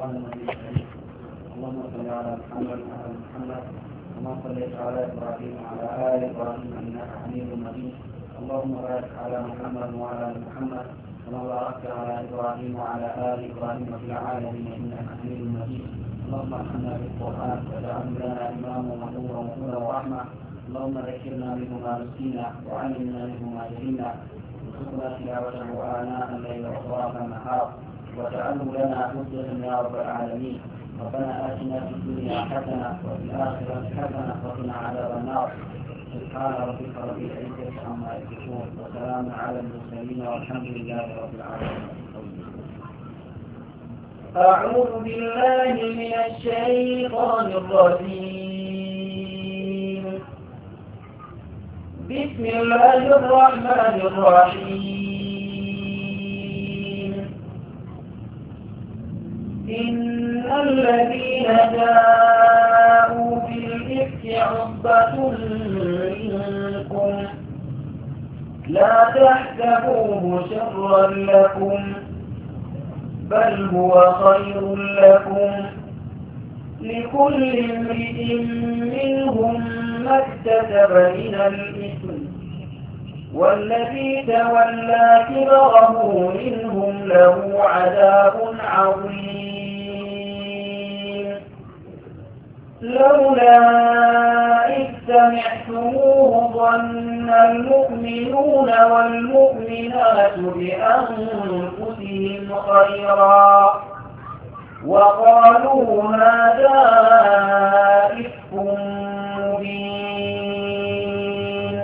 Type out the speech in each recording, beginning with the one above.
اللهم صل على محمد وعلى محمد كما صليت على ابراهيم وعلى ال ابراهيم انك حميد مجيد اللهم بارك على محمد وعلى ال محمد كما باركت على ابراهيم وعلى ال ابراهيم في العالمين انك حميد مجيد اللهم ارحمنا بالقران واجعله لنا اماما ونورا وهدى ورحمه اللهم ذكرنا منه ما نسينا وعلمنا منه ما جهلنا وارزقنا تلاوته اناء الليل واطراف النهار واجعله لنا حجة يا رب العالمين ربنا آتنا في الدنيا حسنة وفي الآخرة حسنة وقنا عذاب النار سبحان ربك رب العزة عما يصفون وسلام على المرسلين والحمد لله رب العالمين أعوذ بالله من الشيطان الرجيم بسم الله الرحمن الرحيم إن الذين جاءوا بالإفك عصبة منكم لا تحسبوه شرا لكم بل هو خير لكم لكل امرئ منهم ما اكتسب من الإثم والذي تولى كبره منهم له عذاب عظيم لولا إذ سمعتموه ظن المؤمنون والمؤمنات بأنفسهم خيرا وقالوا هذا إفك مبين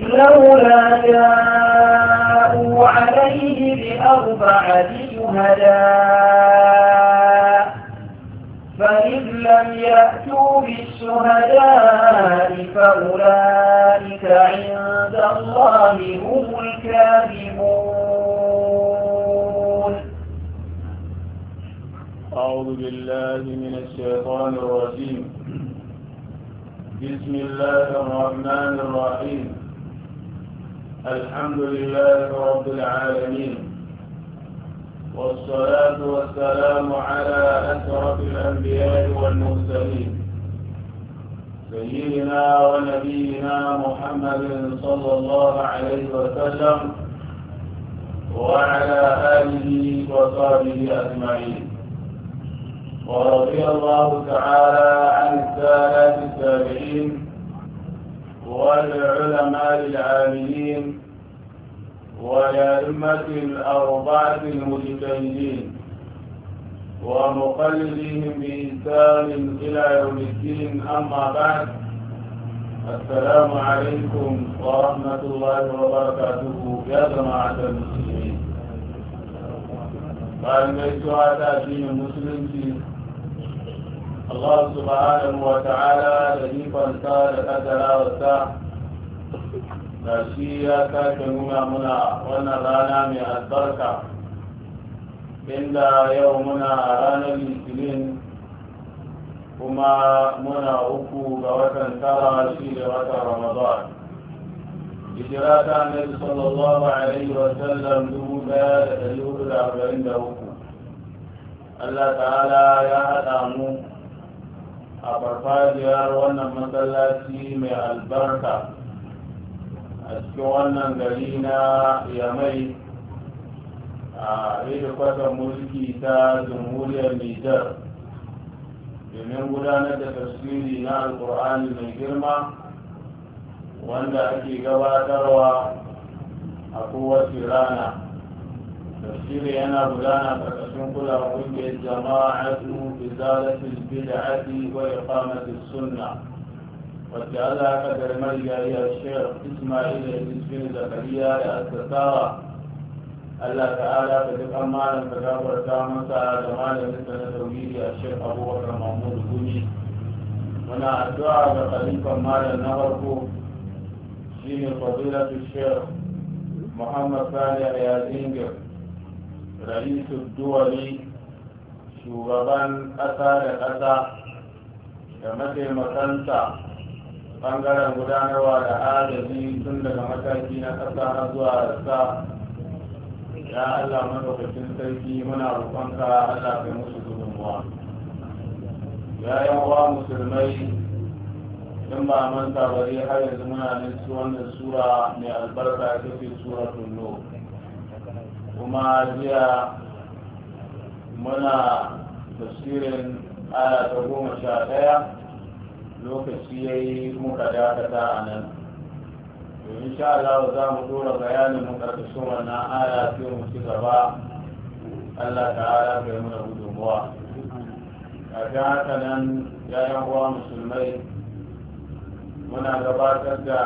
لولا جاءوا عليه بأربعة شهداء فإن لم يأتوا بالشهداء فأولئك عند الله هم الكاذبون أعوذ بالله من الشيطان الرجيم بسم الله الرحمن الرحيم الحمد لله رب العالمين والصلاة والسلام على أشرف الأنبياء والمرسلين سيدنا ونبينا محمد صلى الله عليه وسلم وعلى آله وصحبه أجمعين ورضي الله تعالى عن السادة التابعين والعلماء العاملين والأئمة الأربعة المتكلمين ومقلدهم بإنسان إلى يوم الدين أما بعد السلام عليكم ورحمة الله وبركاته يا جماعة المسلمين قال على دين في الله سبحانه وتعالى الذي فانسان قدر وساعه shi ya sake nuna muna wannan rana mai albarka inda yau muna ranar litinin kuma muna uku ga watan tara shi da watan ramadan hijira ta annabi sallallahu alaihi wa sallam dubu daya da dari hudu da arba'in da uku allah ta'ala ya haɗa mu a farfajiyar wannan masallaci mai albarka a cikin wannan gari na yamai a kwatar mulki ta jamhuriyar nijar domin gudanar da tafsiri na alkur'ani mai girma wanda ake gabatarwa a kowace rana tafsiri yana gudana ƙarƙashin kulawar ƙungiyar jama'a su izalatul bid'ati wa iqamatis sunnah وجعل قدر مريا يا الشيخ اسماعيل بن زكريا يا الستارة الله تعالى قد أمالا تجاور كامل تعالى مالا مثل توحيد الشيخ أبو بكر محمود البني ونا ادعى بخليفة مالا نغرقو شيني فضيلة الشيخ محمد ثاني عيازينج رئيس الدولي شغبان أثار أثار كمثل مكانته bangaren gudanarwa da agaji tun daga mataki na ƙasa har zuwa rasa ya Allah madaukakin sarki muna roƙonka Allah kai musu gudunmuwa ya yan uwa musulmai in ba manta bari har yanzu muna nan wannan sura mai albarka ta ce sura tunno kuma jiya muna tafsirin aya ta goma sha ɗaya lokaci ya yi muka dakata a nan domin sha Allah za mu dora bayanin mu karkashin wannan aya sai mu ci gaba Allah ta'ala bai muna gudunmuwa a ga haka nan yayan uwa musulmai muna gabatar da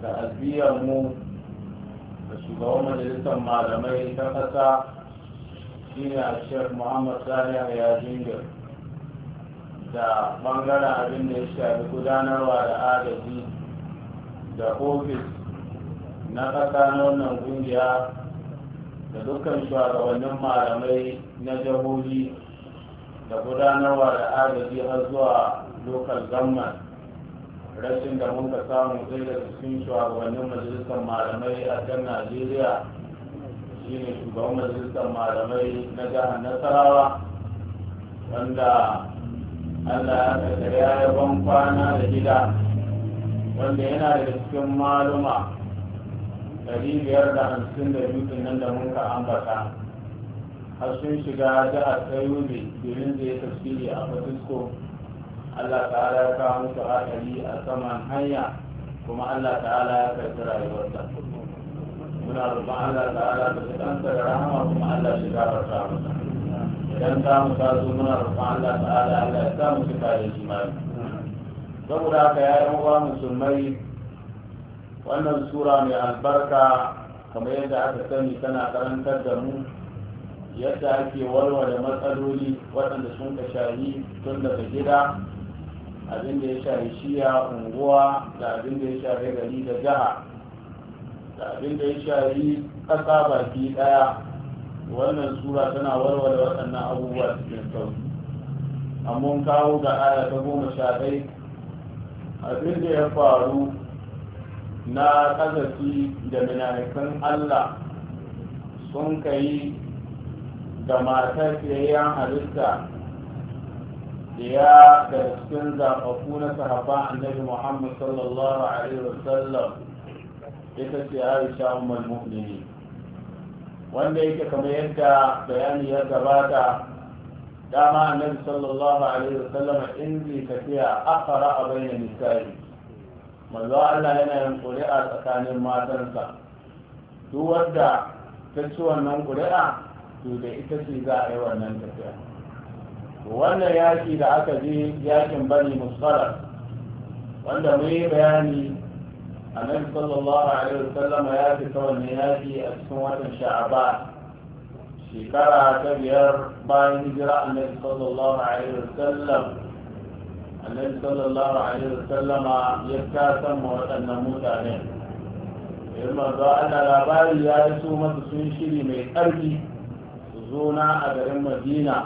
ta'aziyar mu da shugaban majalisar malamai ta ƙasa ne a shek muhammad sani a yajin da bangaren abin da ya shafi gudanarwa da agaji da ofis na ƙasa na wannan kungiya, da dukkan shugabannin malamai na jihohi da gudanarwa da agaji har zuwa lokal gamman rashin da muka samu sai da cikin shugabannin majalisar malamai a kan najeriya shine shugaban majalisar malamai na jihar nasarawa wanda Allah ya saka ya ban kwana da gida wanda yana da cikin maluma ɗari biyar da hamsin da biyu nan da mun ka ambata har sun shiga jihar Sayubi domin da ya tafsiri a Francisco Allah ta'ala ya kawo musu haɗari a saman hanya kuma Allah ta'ala ya karɓi rayuwarsa muna roƙon Allah ta'ala da su ɗansa da rahama kuma Allah shi gafarta masa dan samu zo muna rufa Allah ta'ala Allah ya samu su kare ma saboda haka ya yan uwa musulmai wannan sura mai albarka kamar yadda aka sani tana karantar da mu yadda ake warware matsaloli waɗanda sun ka shahi tun daga gida abin da ya shahi shiya unguwa da abin da ya shahi gari da jiha da abin da ya shahi ƙasa baki ɗaya wannan sura tana warware waɗannan abubuwa cikin sauki amma kawo ga aya ta goma sha ɗai abin da ya faru na ƙazafi da mina'ikan allah sun kai ga matar tsayayyen halitta ya daga cikin zaɓaɓɓu na sahaba annabi muhammad sallallahu alaihi wasallam ita ce aisha umar mu'minin wanda yake kamar yadda bayani ya gabata dama annabi sallallahu alaihi wasallam in zai tafiya akara a bayyana misali manzo Allah yana yin ƙuri'a tsakanin matansa duk wanda ta ci wannan ƙuri'a to da ita ce za a yi wannan tafiya wannan yaki da aka je yakin bani musfara wanda mun yi bayani النبي صلى الله عليه وسلم يأتي كون ينادي السنوة شعبان شكرا كبير باي هجرة النبي صلى الله عليه وسلم النبي صلى الله عليه وسلم يبكى سموة النموت عليه إما ذا أنا لا بالي يا سومة سنشري من أرضي زونا أدر المدينة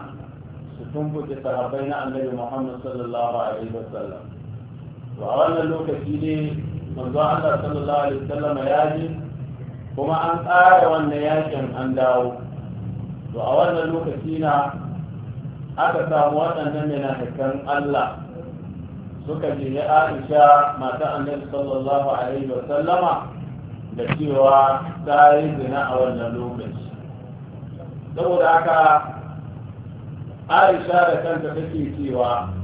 ستنبو تتربينا النبي محمد صلى الله عليه وسلم وأنا لو كثيري manzo Allah sallallahu alaihi wasallam ya ji kuma an tsara wannan yakin an dawo to a wannan lokaci na aka samu waɗannan munafikan Allah suka je ya Aisha mata Annabi sallallahu alaihi wa sallama da cewa ta yi zina a wannan lokaci saboda haka Aisha da kanta take cewa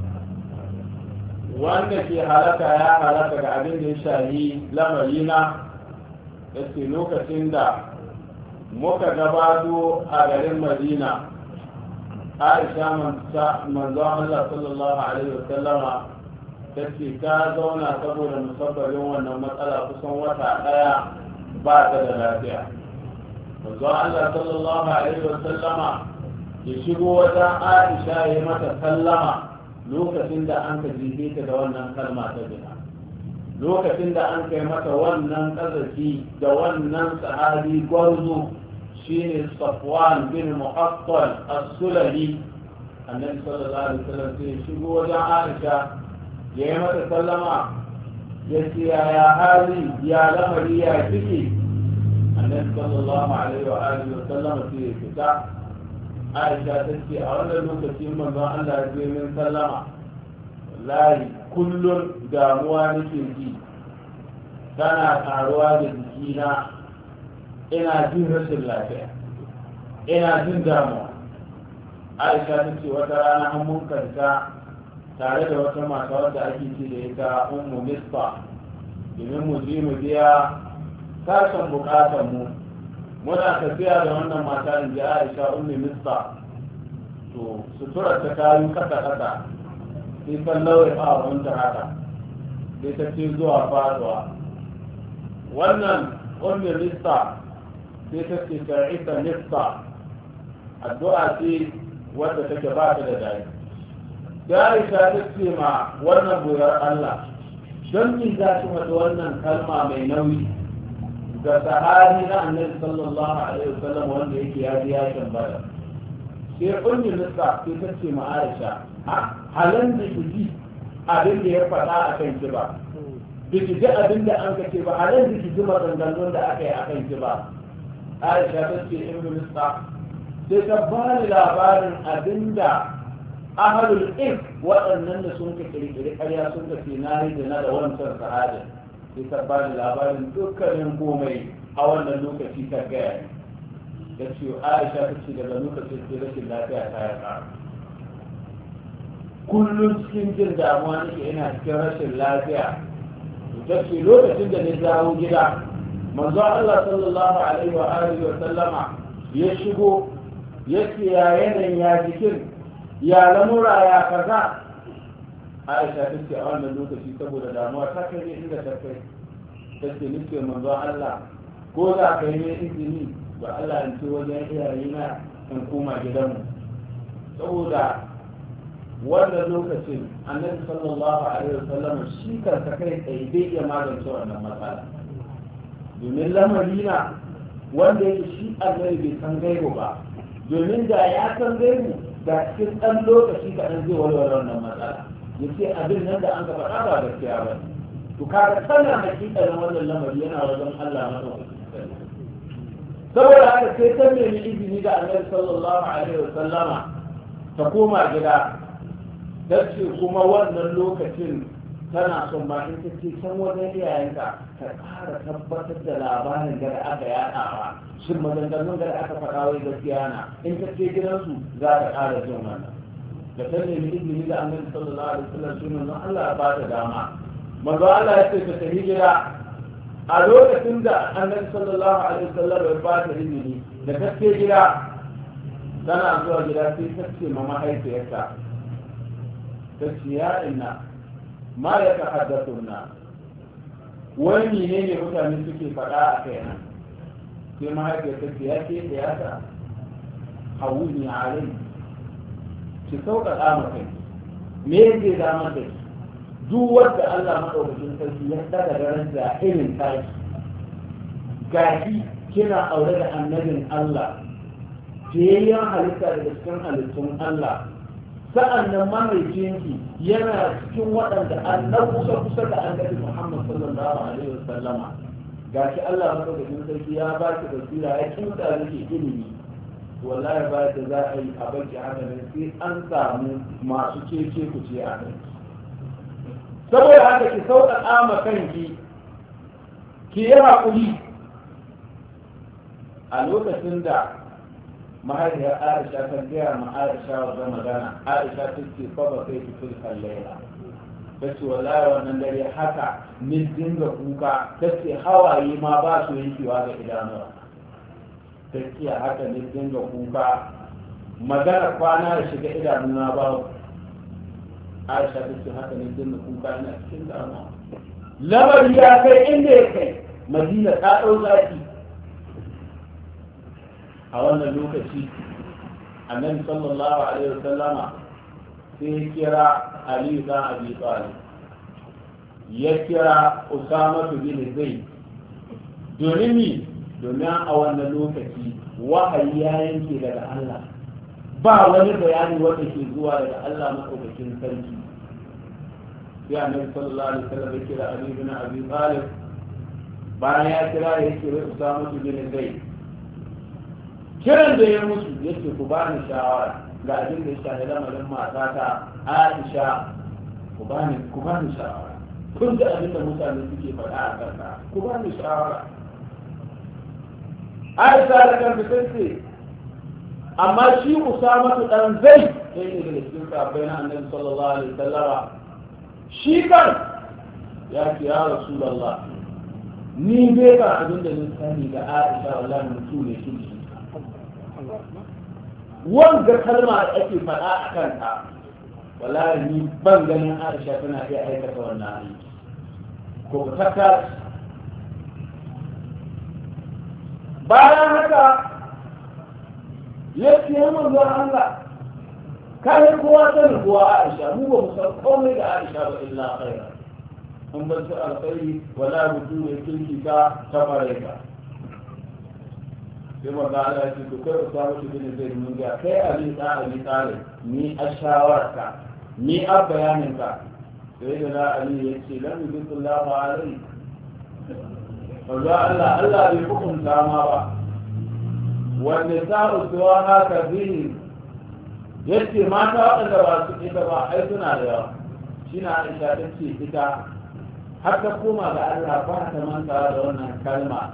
wanda ke halaka ya halaka ga abin da ya shahi lamarina da ke lokacin da muka gabato a garin madina aisha manzo Allah sallallahu alaihi wasallama ta ce ta zauna saboda musabbabin wannan matsala kusan wata daya ba ta da lafiya manzo Allah sallallahu alaihi wasallama ya shigo wajen aisha ya mata sallama lokacin da an ka jibe ta da wannan kalma ta zina lokacin da an kai mata wannan kazafi da wannan sahabi gwarzo shine safwan bin muhaffal as-sulali annabi sallallahu alaihi wasallam sai shigo wajen aisha ya yi mata sallama ya ce ya hali ya lamari ya kike annabi sallallahu alaihi wa alihi wasallam sai ya fita aisha ta ce a wannan lokaci manzon Allah ya je min sallama lahi kullum damuwa nake ji tana karuwa da jikina ina jin rashin lafiya ina jin damuwa aisha ta ce wata rana an mun kanta tare da wata mata wadda ake ce da ita ummu misfa domin mu je mu biya sashen bukatar mu muna tafiya da wannan mata in ji aisha ummi mista to sutura ta kayu kasa kasa sai sallawai a wanta haka sai ta ce zuwa faduwa wannan ummi mista sai ta ce sa'ita nista addu'a ce wadda take ba ta da dai da aisha ta ce ma wannan burar allah don in za su ta wannan kalma mai nauyi ga sahabi na annabi sallallahu alaihi wasallam wanda yake ya ji ya tambaya sai ummi nisa sai ta ce ma Aisha halan da kiji abin da ya faɗa akan ki ba biki ji abin da an kace ba halan da kiji maganganun da aka yi akan ki ba Aisha ta ce ummi nisa sai ta ba ni labarin abin da ahalul ilm waɗannan da sun ka kirkiri ƙarya sun ka ce na da wancan sahabin sai ta ba da labarin dukkanin komai a wannan lokaci ta gaya ne da ce aisha ta ce daga lokacin sai rashin lafiya ta yi ƙara kullum cikin jin damuwa nake ina cikin rashin lafiya da ce lokacin da na dawo gida manzo Allah sallallahu alaihi wa alihi wa sallama ya shigo ya ce ya yanayin ya jikin ya lamura ya kaza aisha ta ce a wannan lokaci saboda damuwa ta kai ne inda ta kai ta ce nufi manzon allah ko za ka yi mai izini ba allah in ce wajen iyaye na in koma gidanmu saboda wannan lokacin annabi sallallahu alaihi wasallam shi ta kai tsaye bai iya magance wannan matsala domin lamari na wanda yake shi annabi bai san gaibu ba domin da ya san gaibu da cikin ɗan lokaci kaɗan zai walwala wannan matsala yace abin nan da an ka faɗa ba gaskiya ba to kaga hakika hakikalin wannan lamari yana wajen Allah madaukakin saboda haka sai ta nemi izini da Annabi sallallahu alaihi sallama ta koma gida dace kuma wannan lokacin tana son ba in ce can wajen iyayenka ta ƙara tabbatar da labarin da aka yaɗa ba shin maganganun da aka faɗa wai gaskiya na in ta ce gidansu za ta ƙara jin wannan da ta nemi izini da annabi sallallahu alaihi wasallam shi manzon Allah ya bata dama manzon Allah ya ce ka tafi gida a lokacin da annabi sallallahu alaihi wasallam ya bata izini da ta ce gida tana zuwa gida sai ta ce ma mahaifiyarta ta ce ya inna ma ya ta haddathuna wani ne ne mutane suke faɗa a kai nan sai mahaifiyarta ce ya ce da ya ta hawuni alaihi ki sauƙaƙa ma kai me yake da kai duk wanda Allah madaukakin sarki ya daga garin da irin taki gashi kina aure da annabin Allah jiyayyen halitta daga cikin halittun Allah sa'an nan ki yana cikin waɗanda annabi kusa kusa da annabi Muhammad sallallahu alaihi wasallama gashi Allah madaukakin sarki ya ba ki basira ya kinta miki ilimi wallahi ba da za a yi a banki haka ne sai an samu masu cece ku ce a nan saboda haka ki sauƙaƙa ma kanki ki yi haƙuri a lokacin da mahaifiyar aisha ta gaya ma aisha wa magana aisha ta ce fa ba sai ki fil kallaila ta ce wallahi wannan dare haka min dinga kuka ta ce hawaye ma ba su yankewa ga idanuwa tsakiya haka ne dinga kuka magana kwana da shiga na ba aisha ta ce haka ne dinga kuka ina cikin dama lamari ya kai inda ya kai madina ta ɗau zaki a wannan lokaci annabi sallallahu alaihi wasallama sai ya kira ali da Abi talib ya kira usama bin zaid domin domin a wannan lokaci wahayi ya yanke daga Allah ba wani bayani wanda ke zuwa daga Allah maɗaukakin sarki sai annabi sallallahu alaihi wasallam yake da Ali bin Abi Talib bayan ya kira ya ce wai su bin kai. kiran da ya musu yake ku ba ni shawara ga abin da ya shafi lamarin matata Aisha ku ba ni ku ba ni shawara kun ga abin da mutane suke faɗa a kanka ku ba ni shawara aisha da kan bisinti amma shi usama su dan zai sai ne da cikin sahabbai na annabi sallallahu alaihi wasallam shi kan ya ce ya rasulullah ni bai ka abin da ni sani da aisha wallahi mutu ne shi wanda kalma da ake faɗa a kanta wallahi ni ban ganin aisha tana iya aikata wannan aiki ko ka bayan haka ya ce ya manzo Allah kayan kowa sanin kowa Aisha mu ba mu komai da Aisha ba illa khaira An ban su alkhairi wala rutu ne kinki ka ta ka. sai manzo Allah ya ce to kai Usama da zai mun ga kai abin da Ali Talib ni a shawararka ni a ka sai da Ali ya ce lam yusallahu alaihi manzo Allah Allah bai hukunta ma ba wanda sa'u suwa na kabiri yace mata waɗanda ba su ita ba ai suna da yawa shi na aisha ta ce ita har ta koma ga Allah ba ta manta da wannan kalma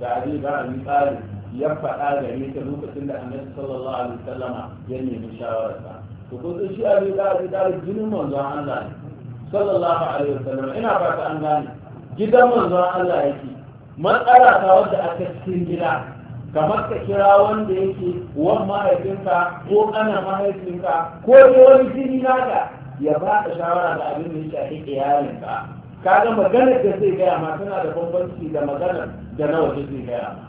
da Ali ba yi tsari ya faɗa ni ta lokacin da Annabi sallallahu alaihi wasallama ya nemi shawararsa to ko shi Ali da Ali da jinin manzon Allah sallallahu alaihi wasallama ina ta an gane gidan manzon Allah yake matsala ta wanda aka cikin gida kamar ka kira wanda yake wan mahaifinka ko ana mahaifinka ko ne wani jini naka ya ba ka shawara da abin da ya shafi iyalinka kaga maganar da zai gaya ma tana da bambanci da maganar da na waje zai gaya ma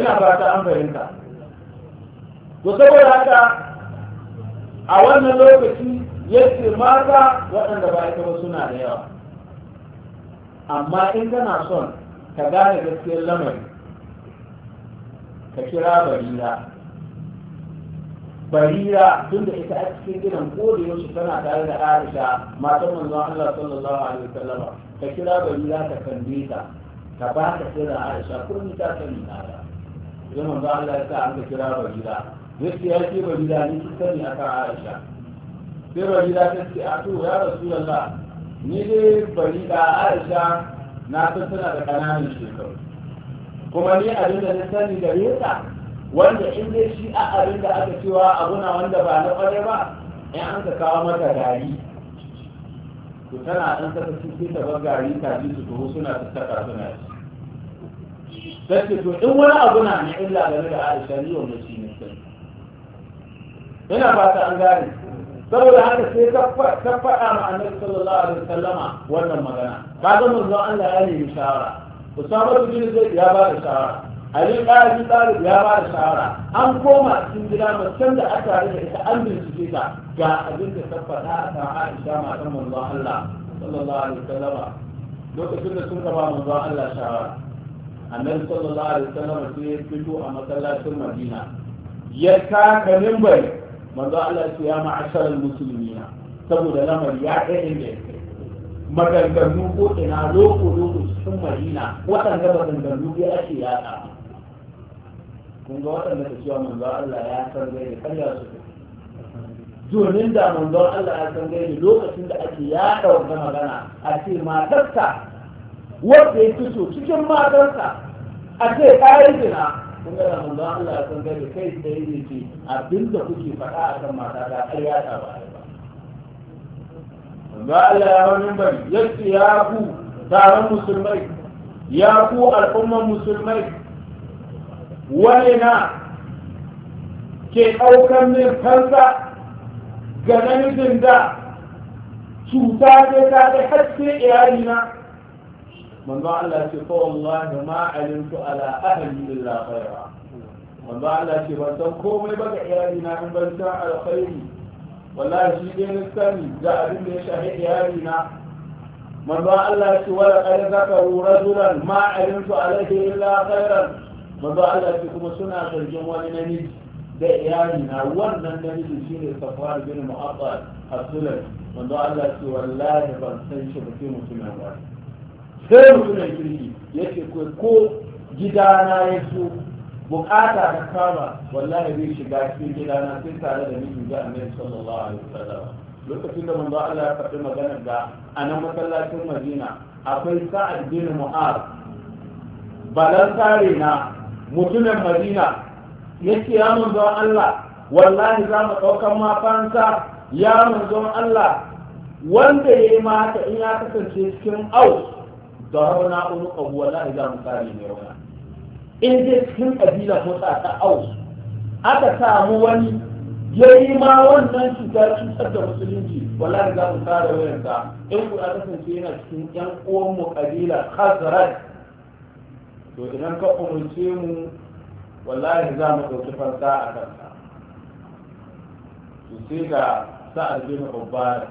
ina fata an fahimta to saboda haka a wannan lokaci yake mata waɗanda ba ita ba suna da yawa amma in kana son ka gane gaskiyar lamari ka kira barira barira tun da ita a cikin gidan ko da yaushe tana tare da aisha matan manzo Allah sallallahu alaihi wasallam ka kira barira ka kalle ta ka ba ka kira aisha kullum ta sani na ta idan manzo Allah ya sa an ka kira barira yake ya ce barira ni ki sani akan aisha sai barira ta ce a to ya rasulullah ni dai bari da aisha na san suna da ƙananan shekaru kuma ni abinda da na sani da yasa wanda in dai shi a abin da aka cewa abuna wanda ba na ƙware ba in an ka kawo mata gari to tana ɗan saka cikin ta ban gari ji su tuho suna saka suna ci sai to in wani abu na ni illa game da aisha ni wannan shi ne sai ina ba ta an gane saboda haka sai ta faɗa ma annabi sallallahu alaihi wasallama wannan magana kaga manzo Allah ya nemi shawara Usama bin Zaid ya ba da shawara Ali Qadi Talib ya ba da shawara an koma cikin gida macen da aka rage ita an bincike ta ga abin da ta faɗa a kan Aisha matan manzo Allah sallallahu alaihi wasallama lokacin da sun gaba manzo Allah shawara annabi sallallahu alaihi wasallama sai ya fito a masallacin Madina ya taka mimbari manzo Allah ya ya ma'asharal musulmina saboda lamar ya kai inda ya kai maganganu ko ina loko loko cikin Madina waɗanda maganganu ya ake yaɗa kun ga waɗanda ta cewa manzo Allah ya san zai da kanya su domin da manzo Allah ya san zai lokacin da ake yaɗa wannan magana a ce matarsa wanda ya fito cikin matarsa a ce ƙarin jina kun gara mun ga Allah ya san gari kai da yake ce abin da kuke faɗa a kan mata ta kai ta ba ga Allah ya wani bari yace ya ku taron musulmai ya ku al'umman musulmai wani na ke ɗaukar min kansa ga namijin da cuta ce ta kai haske iyalina manzo Allah ce fa wallahi ma alimtu ala ahli illa khaira manzo Allah ce ban san komai ba ga iyali na in ban san alkhairi wallahi shi dai na sani da abin da ya shahi iyali na manzo Allah ce wala qad zakaru rajulan ma alimtu alayhi Allah ce kuma suna zargin wani namiji da iyali na wannan namiji shine Safar bin Mu'attal a sulami manzo Allah ce wallahi ban san shi ba sai mutum ya ba. sai mutumin kirki yake ko gidana ya so bukata ta kama wallahi zai shiga cikin gidana sai tare da miji ga annabi sallallahu alaihi wasallam lokacin da manzo Allah ya faɗi magana da anan masallacin Madina akwai sa'ad bin Mu'ar. balan tare na mutumin Madina yake ya manzo Allah wallahi za mu ɗaukan ma fansa ya manzo Allah wanda ya yi mata in ya kasance cikin aus ضربنا عنقه والله إذا مكاري ميرونا in dai cikin ƙabila ko ta ta aus aka samu wani ya yi ma wannan cutar cutar da musulunci wallahi za mu kare wayarsa in ku aka ce yana cikin 'yan uwan mu ƙabila khazraj to idan ka umurce mu wallahi za mu ɗauki fansa a kanka to sai ga sa'ad bin ubbad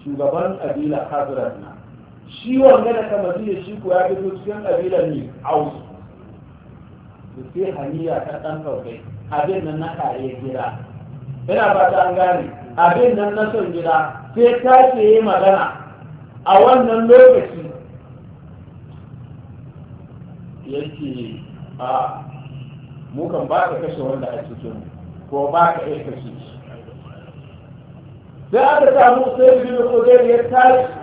shugaban ƙabila khazraj na shi wanda da kamati da shi ko ya fito cikin ƙabilar ne wasu da sai haniya ta ɗan kawai abin nan na kare gida ina ba ta an gane abin nan na son gida sai ta ce yi magana a wannan lokaci yake a mukan ba ka kashe wanda a cikin ko ba ka iya kashe shi sai aka samu sai biyu ko zai ya tashi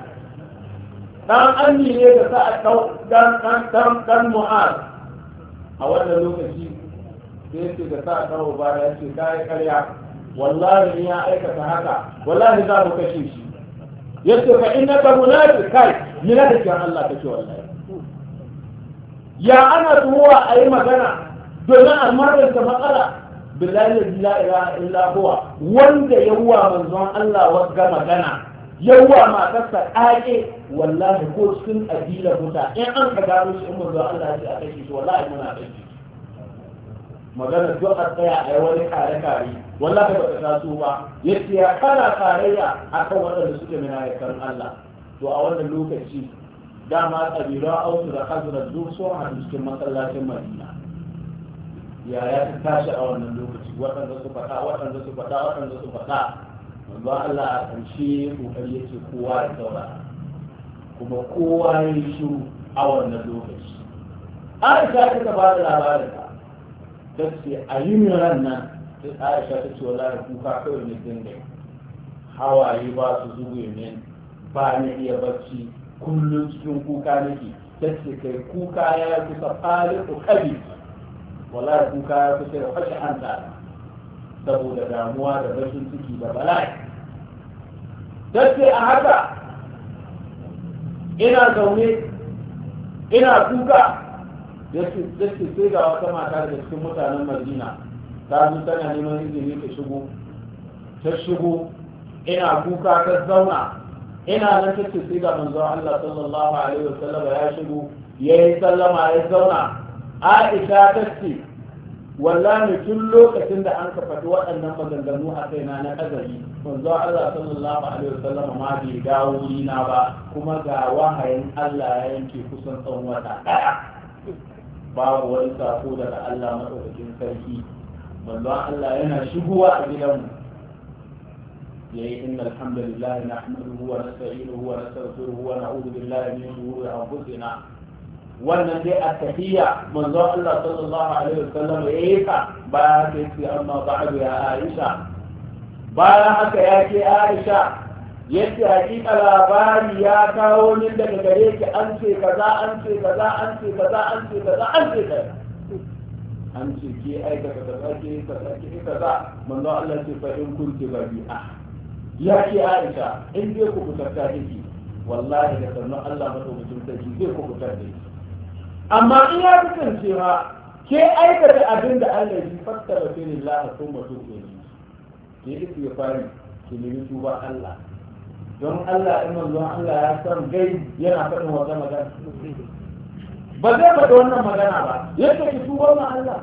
dan amni ne da sa a dau dan dan dan dan mu'az a wannan lokaci da yake da sa a dau ba ya ce kai karya wallahi ni ya aikata haka wallahi za mu kashe shi yace fa innaka munafiq kai ni na da kiran Allah kace wallahi ya ana a yi magana domin a magance matsala billahi la ilaha illa huwa wanda yawwa manzon Allah wa magana yawwa matarsa ƙaƙe wallahi ko cikin ƙabilar wuta in an ka gano shi in manzo Allah ya ce a shi wallahi muna kai shi magana duk a tsaya a yi wani kare-kare wallahi ba ta taso ba yace ya kana a akan waɗanda suke kan Allah to a wannan lokaci dama ƙabilan Autu da hazara duk sun hadu cikin masallacin Madina yaya ta tashi a wannan lokaci waɗanda su faɗa waɗanda su faɗa waɗanda su faɗa ba Allah a ƙarshe ƙoƙari ya ce kowa ya zauna kuma kowa ya yi shiru a wannan lokaci Aisha ta ta bada labarin ta ta ce a yi ran nan sai Aisha ta ce da kuka kawai ne dinga hawaye ba su zube min ba ni iya bacci kullum cikin kuka nake ta ce kai kuka ya kusa fari ko kabi da kuka ya kusa da fashe hanta saboda damuwa da rashin ciki da bala'i tace a haka ina zaune ina kuka da su sai ga wata mata da cikin mutanen madina ta zo tana neman izini ta shigo ta shigo ina kuka ta zauna ina nan ta ce sai ga manzo Allah sallallahu alaihi wasallam ya shigo yayi sallama ya zauna Aisha ta ce ne tun lokacin da an faɗi waɗannan maganganu a kaina na azali manzo Allah sallallahu alaihi wasallam ma bai dawo na ba kuma ga wahayin Allah ya yanke kusan tsawon wata ɗaya babu wani sako daga Allah maɗaukakin sarki manzo Allah yana shigowa a gidanmu yayi inna alhamdulillah nahmaduhu wa nasta'inuhu wa nastaghfiruhu wa na'udhu billahi min shururi anfusina wannan dai a tafiya manzo Allah sallallahu alaihi wasallam ya yi ka baya haka yake amma ba'du ya Aisha bayan haka ya ce Aisha yace hakika labari ya kawo ni daga gare ki an ce kaza an ce kaza an ce kaza an ce kaza an ce kaza an ce ke aikata kaza ke kaza ke kaza manzo Allah ce fa in kunti rabi'a ya ce Aisha in dai ku kutarta take wallahi da sannan Allah madaukakin sarki zai ku kutar da amma in ya kasance cewa ke aikata abin da Allah ya fassara da sai Allah sun mutu ke ne ke yi ya fari ke nemi tuba Allah don Allah in manzon Allah ya san gai yana faɗin wata magana ba zai faɗi wannan magana ba yadda ki tuba ma Allah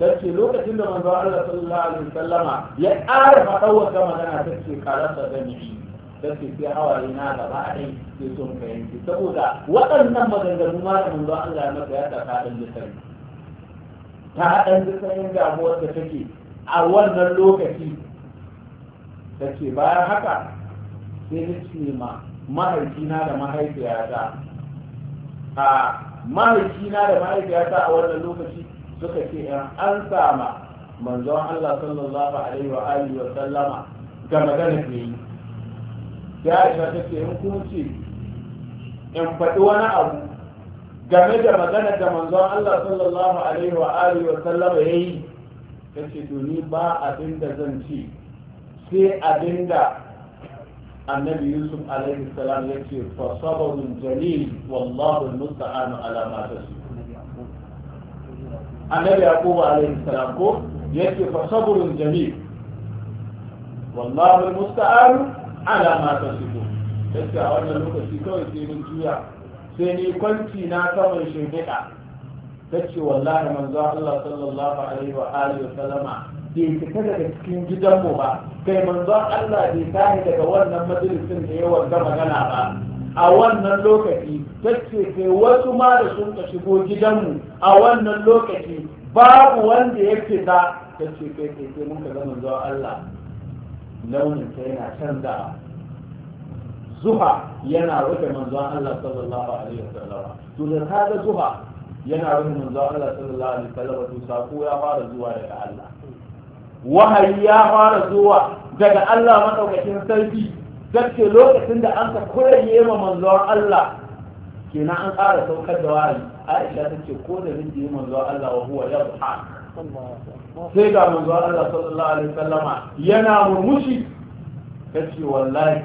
da ke lokacin da manzo Allah sallallahu alaihi wasallama ya ƙara faɗa wata magana ta ce karanta da ni don ke fi hawaye na gaba a ɗai ke sun ka yanki saboda waɗannan maganganu ma da manzo Allah ya ya ta haɗin lisan ta haɗin lisan damuwar da take a wannan lokaci take bayan haka sai na ce ma mahaifina da mahaifiyata a mahaifina da mahaifiyata a wannan lokaci suka ce in an sama manzon Allah sallallahu alaihi wa alihi wa sallama ga magana ke yi da aisha ta ce in kun ce in faɗi wani abu game da magana da manzon Allah sallallahu alaihi wa alihi wa sallama yayi ta ce to ni ba abin da zan ce sai abin da annabi yusuf alaihi salam ya ce fa sabrun jalil wallahu musta'an ala ma tasifun annabi yaqub alaihi salam ko yace fa sabrun jalil wallahu musta'an ala ma ta shigo gaskiya a wannan lokaci kawai sai mun juya sai ni kwanci na kawai shimfiɗa ta ce wallahi manzo Allah sallallahu alaihi wa alihi wa sallama bai fita daga cikin gidanmu ba kai manzo Allah bai tashi daga wannan majalisin da ya ga magana ba a wannan lokaci ta ce kai wasu ma da sun ka shigo gidanmu a wannan lokaci babu wanda ya fita ta ce kai kai sai mun ka ga manzo Allah launin ta yana canza zuha yana rufe manzon Allah sallallahu alaihi wasallam to da ga zuha yana rufe manzon Allah sallallahu alaihi wasallam to sako ya fara zuwa daga Allah wahayi ya fara zuwa daga Allah madaukakin sarki gaske lokacin da an ka kuraye ma manzon Allah kenan an ƙara saukar da wahayi Aisha tace ko da rinji manzon Allah wa huwa yadha sai ga manzo Allah sallallahu alaihi wasallama yana murmushi kace wallahi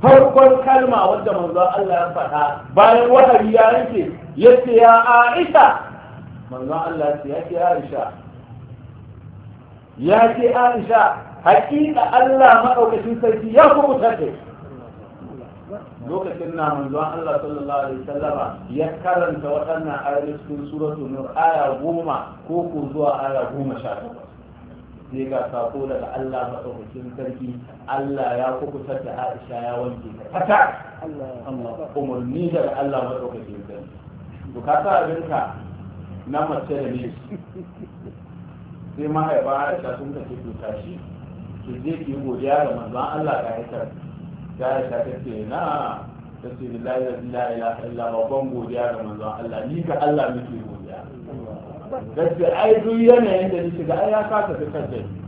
farkon kalma wadda manzo Allah ya faɗa bayan wahayi ya yanke yace ya Aisha manzo Allah ya ce ya ce Aisha ya ce Aisha haƙiƙa Allah maɗaukacin sarki ya kuma kai lokacin na manzon Allah sallallahu alaihi wasallama ya karanta waɗannan ayoyi cikin suratul nur aya goma ko ko zuwa aya goma sha takwas sai ga sako daga Allah maɗaukakin sarki Allah ya kukutar da Aisha ya wanke ta fata umarni daga Allah maɗaukakin sarki to ka sa abinka na mace da ne sai mahaifa Aisha sun ka ce to tashi ki je ki godiya ga manzon Allah ga haifar? ta ta ce na ta ce billahi la ilaha illa huwa ban godiya ga manzon Allah ni ga Allah muke godiya gaske ai duk yanayin da ni shiga ai ya kasa fitar da ni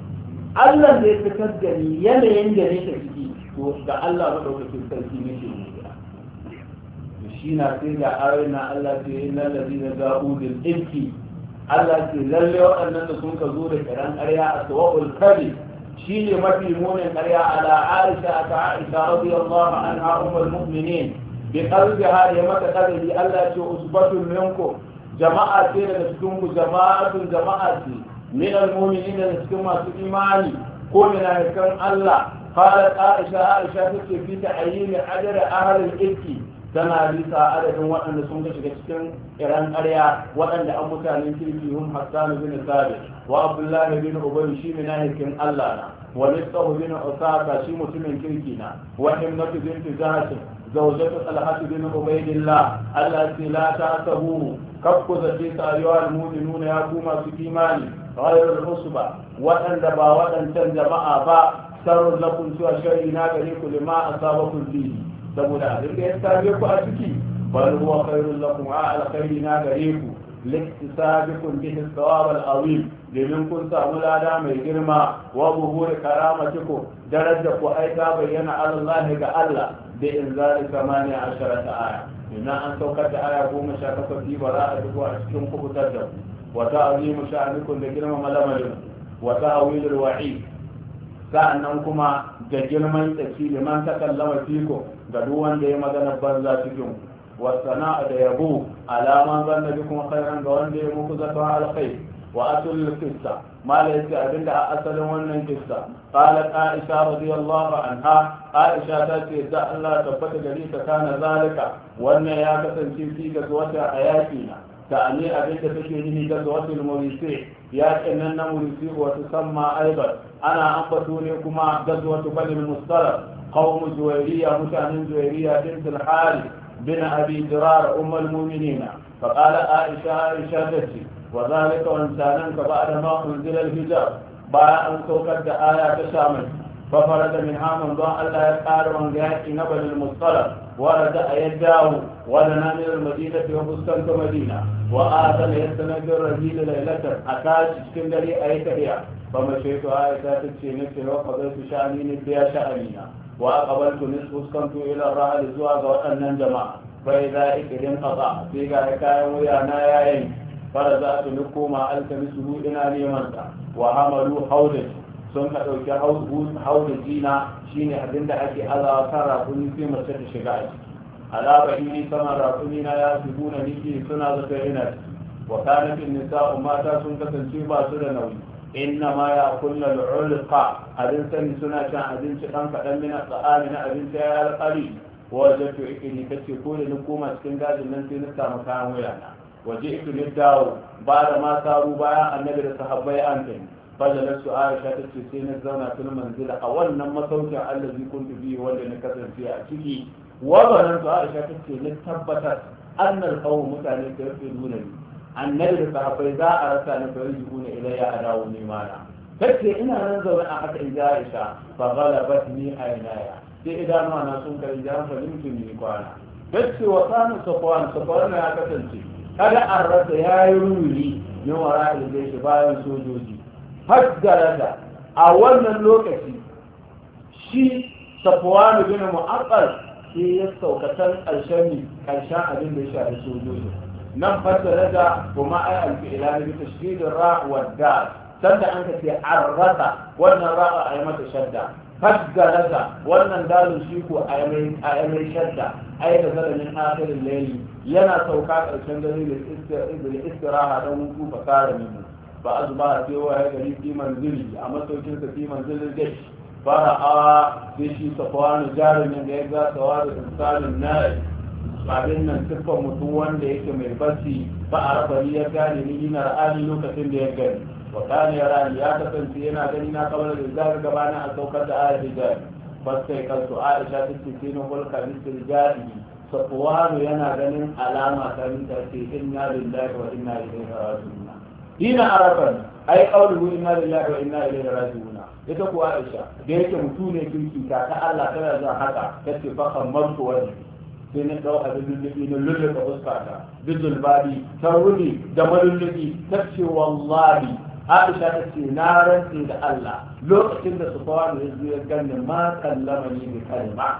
Allah zai fitar da ni yanayin da nake ciki to ga Allah madaukakin sarki nake godiya to shi na sai ga arina Allah ce innal ladina za'u bil ifki Allah ce lalle waɗannan da sun ka zo da kiran ƙarya a tawakul kari شيء ما في مؤمن قرية على عائشة عائشة رضي الله عنها أم المؤمنين بقلبها لمتى قدر ألا أسبة منكم جماعة نسكنك جماعة جماعة من المؤمنين نسكن إيماني كلنا نسكن الله قالت عائشة عائشة في تعيين عدد أهل الإبكي tana bisa adadin waɗanda sun ga shiga cikin iran ƙarya waɗanda an mutanen kirki hun hassan bin sabit wa abdullahi bin shi ne nahikin allah na wa nisahu bin usaka shi mutumin kirki na wa himnatu bint jahashin zaujatu talhatu bin ubaydillah ce la ta'tabu kafku zace ta ayyuhal nuna ya kuma su kimani ghayrul usba waɗanda ba waɗancan jama'a ba sarrun lakum cewa shari'a na gare ku lima asabakum bihi saboda abin da ya same ku a ciki bal huwa khairul lakum a alkhairi na gare ku liktisabikum bihi thawab al-azim domin kun samu lada mai girma wa buhuri karamatiku darajar ku ai ta bayyana Allah ga Allah da inzali samani asharata aya ina an saukar da aya goma sha takwas fi bara a duk a cikin kubutar da ku wa ta'zimu sha'anikum da girma malamarin wata ta'wilul wa'id sa'annan kuma da girman tsaki liman takallama fikum ga duk wanda ya magana banza cikin wasana da yabo alaman zanna kuma khairan ga wanda ya muku zato alkhair wa asul qissa mala yace abinda a asalin wannan qissa qalat aisha radiyallahu anha aisha ta ce da Allah tabbata gari ta kana zalika wannan ya kasance shi ga a yaki na ta ne abinda take nihi ga wata murisi ya kenan na murisi wa tusamma aibar ana ambato ne kuma gazwatu bani mustara قوم زويرية مكان زويرية بنت الحال بن أبي جرار أم المؤمنين فقال عائشة عائشة تسي وذلك أنسانا ما أنزل الهجاب بعد أن توكد آية شامل ففرد منها من ضاع الله يقال من جهة نبل المصطلق ورد أيداه ولنا من المدينة وفستنت مدينة وآت ليستند الرجيل ليلة أكاش اسكندري أي تهيا فمشيت آية تاتي نفسي وقضيت شأنين بها شأنينا wa akabaltu ne fuskantu ila ra'ali zuwa ga waɗannan jama'a bai za a ikirin kaza sai ga kayan wuya na yayin fara za a tuni koma alkamis hudina nemanta wa hamalu haudaji sun ka ɗauki haudaji na shi ne abin da ake azawa kan rakuni sai mace ta shiga a ciki alaba in ni sama rakuni na ya shigo na niki suna zata yana ciki wa kanafin nisa umata sun kasance ba da nauyi inna ma ya kulla al'ulqa abin sani suna cin abinci dan kaɗan min al'ami na abinci ya alƙari wajen to ikini ta kace, ko da ni koma cikin gajin nan sai na samu kayan wuya na waje ikini dawo ba da ma saru bayan annabi da sahabbai an kai fadalar su aisha ta ce sai na zauna tun manzila a wannan masaukin allazi kuntu biyu wanda na kasance a ciki wazanin su aisha ta ce na tabbatar annal kawo mutane ta yafe nuna ni annabi da sahabbai za a rasa ni fa yuju na ilayya a dawo ni mana kace ina nan zaune a haka in Aisha fa galabat ni aynaya sai ma na sun kai jan falimtu ni kwana kace wa kana safwan safwan ya kasance kada an rasa yayi ruri ne wara da shi bayan sojoji haddarata a wannan lokaci shi safwan gina mu'aqqal sai ya saukatan karshen karshen abin da ya shafi sojoji nan fassara da kuma ai alfi'ila bi tashdidin ra wa dal sanda an kace arrata wannan ra'a ai mata shadda faddarasa wannan dalin shi ko ai mai ai mai shadda ai da zalamin akhirin layli yana sauka karshen dare da istiraha don hutu fa kare mu fa azba sai wa ya gari fi manzili a masaukin sa fi manzilin gashi fara'a sai shi safwanu jarumin da ya ga sawa da tsarin na'i abin nan siffar mutum wanda yake mai basi ba a raba ya gane ni yana ra'ani lokacin da ya gani wa kana yarani ya kasance yana gani na kawar da zaga na a saukar da da ayat rijali fasai kansu aisha ta ce sai na hulka ni rijali safwanu yana ganin alama ta ta ce inna lillahi wa inna ilaihi raji'un ina arafan ai qawluhu inna lillahi wa inna ilaihi raji'un ita ko aisha da yake mutune ne kirki ta ta Allah tana zan haka tace fa kamar ko wani sai na ɗau abin lullubi na lulluɓa fuskata bizul babi ta rumi da malullubi ta ce wallahi Aisha ta ce na rantse da Allah lokacin da su kawo da yanzu ya ganni ma kallama ne da kalma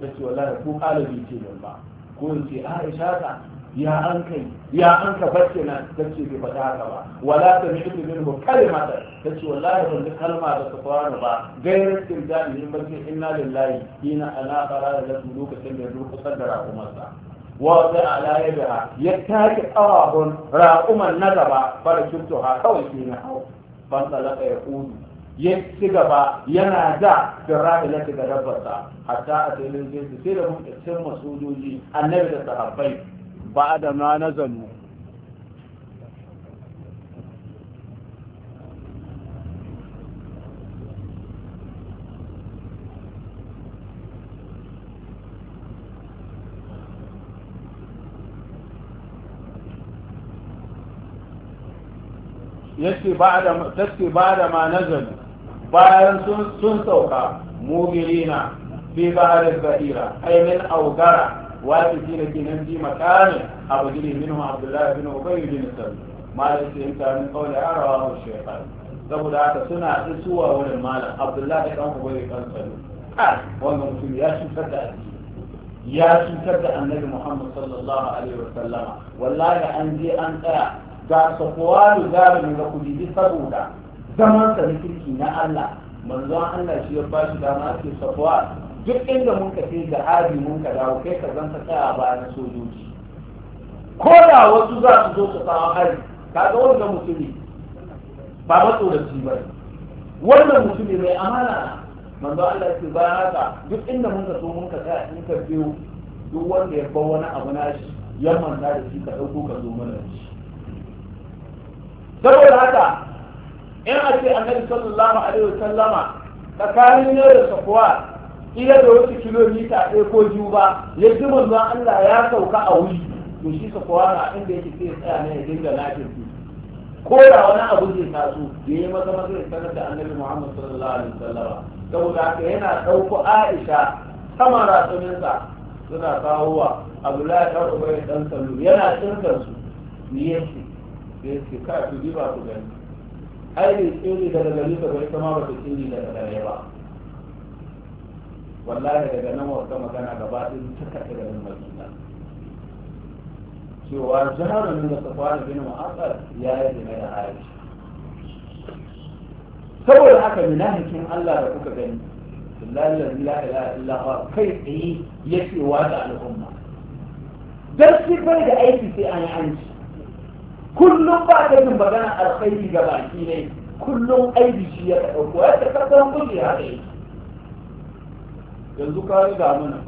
ta ce wallahi ko kalabi ce ba ko in ce Aisha ta ya an kai ya an ka barke na ta ce bai faɗa haka ba wala ta mishi min kalimata ta ce wallahi ban ji kalma da ta fara ba gairar kirjani ne barke inna lillahi ina ana fara da lasu lokacin da ya durkusar da sa. wa ta ala yadda ya tafi ƙawahun raƙuman na gaba fara kirto ha kawai ke na hau ban tsalaka ya kudu ya ci gaba yana da da na ga dabbarsa hatta a tsayin jinsu sai da mun sojoji annabi da sahabbai بعد ما نزلوا yace ba'da ba da ma nazalu bayan sun sun sauka mugirina fi har zahira ay min awgara ne واقفين كنا في مكان أبو جلي منهم عبد الله بن أبي بن سلول ما ليس أنت من قول أراه الشيطان saboda haka suna isuwa wurin malam abdullahi dan ubai kan tsaro wannan mutum ya shukar da addini ya cutar da annabi muhammad sallallahu alaihi wa sallama wallahi an je an tsaya ga sakwani gari ga kudi saboda zaman sa na kirki na Allah manzon Allah shi ya bashi dama ake sakwa duk inda mun ka je jihadi mun ka dawo kai ka zanta tsaya bayan sojoji ko da wasu za su zo su samu hari kaga wanda mutumi ba matsoraci ba wannan mutumi mai amana manzo Allah ya ce ba haka duk inda mun ka so mun ka tsaya in ka biyo duk wanda ya bar wani abu na shi ya manta da shi ka dauko ka zo mana shi saboda haka in a ce annabi sallallahu alaihi wasallama tsakanin yau da safuwa kila da wasu kilomita ɗaya ko biyu ba ya ji manzon Allah ya sauka a wuri to shi ka kowara inda yake sai ya tsaya ne ya dinga lafiya su ko da wani abu zai taso ya yi maza maza ya sanar da annabi Muhammad sallallahu alaihi wasallam saboda haka yana ɗauko Aisha sama ratsuninsa suna kawo wa Abdullahi ɗan Ubayy ɗan Sallu yana tsirkar su ni yake yake ka ku ba su gani ai ne tsiri daga gari ba bai sama ba ta tsiri daga gari ba wallahi daga nan wata magana gaba ɗin ta kaɗa garin madina cewa jarumin da safari bin mu'assar ya yi game da aisha saboda haka minahikin Allah da kuka gani billahi la ilaha illa huwa kai tsaye yake wa da al'umma dan sifar da aiki sai an an ci kullum ba ta jin magana alkhairi ga baki ne kullum aiki shi ya dauko ya ta kasan gudu ya hada yake yanzu ka riga mana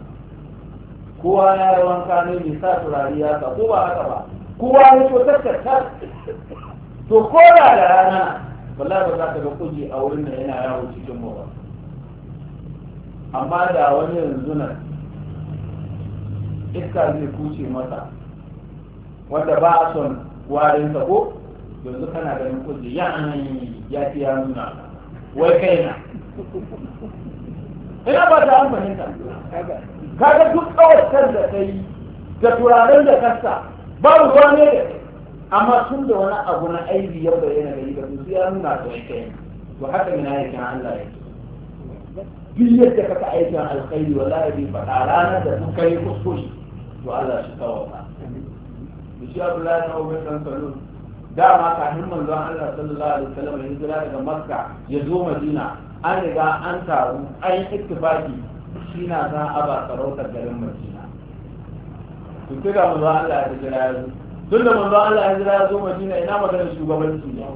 kowa ya yi wanka ne mai sa turari ya sa ko ba haka ba kowa ya so tattata to ko da da rana wallahi ba za ka ga kuji a wurin da yana yawo cikin mu ba amma da wani yanzu nan iska zai kuce masa wanda ba a son warinsa ko yanzu kana ganin kuji ya ya fi ya nuna wai kaina ina ba ta an fahimta kaga duk tsawon da ta yi da turaren da kasta ba ruwa ne da amma tun da wani abu na aibi ya bayyana gari da su ya nuna ta wanke to haka mina yake na Allah yake duk yadda kaka aikin alkhairi wallahi bai faɗa ranar da sun kai kuskure to Allah shi tawaka shi Abdullahi na Ubay dan Salul dama kafin manzon Allah sallallahu alaihi wasallam ya hijira daga Makka ya zo Madina an riga an taru an yi ittifaki shi na za a ba sarautar garin madina to kira manzo Allah ya jira yazo tun da manzo Allah ya jira yazo madina ina maganar shugabanci ne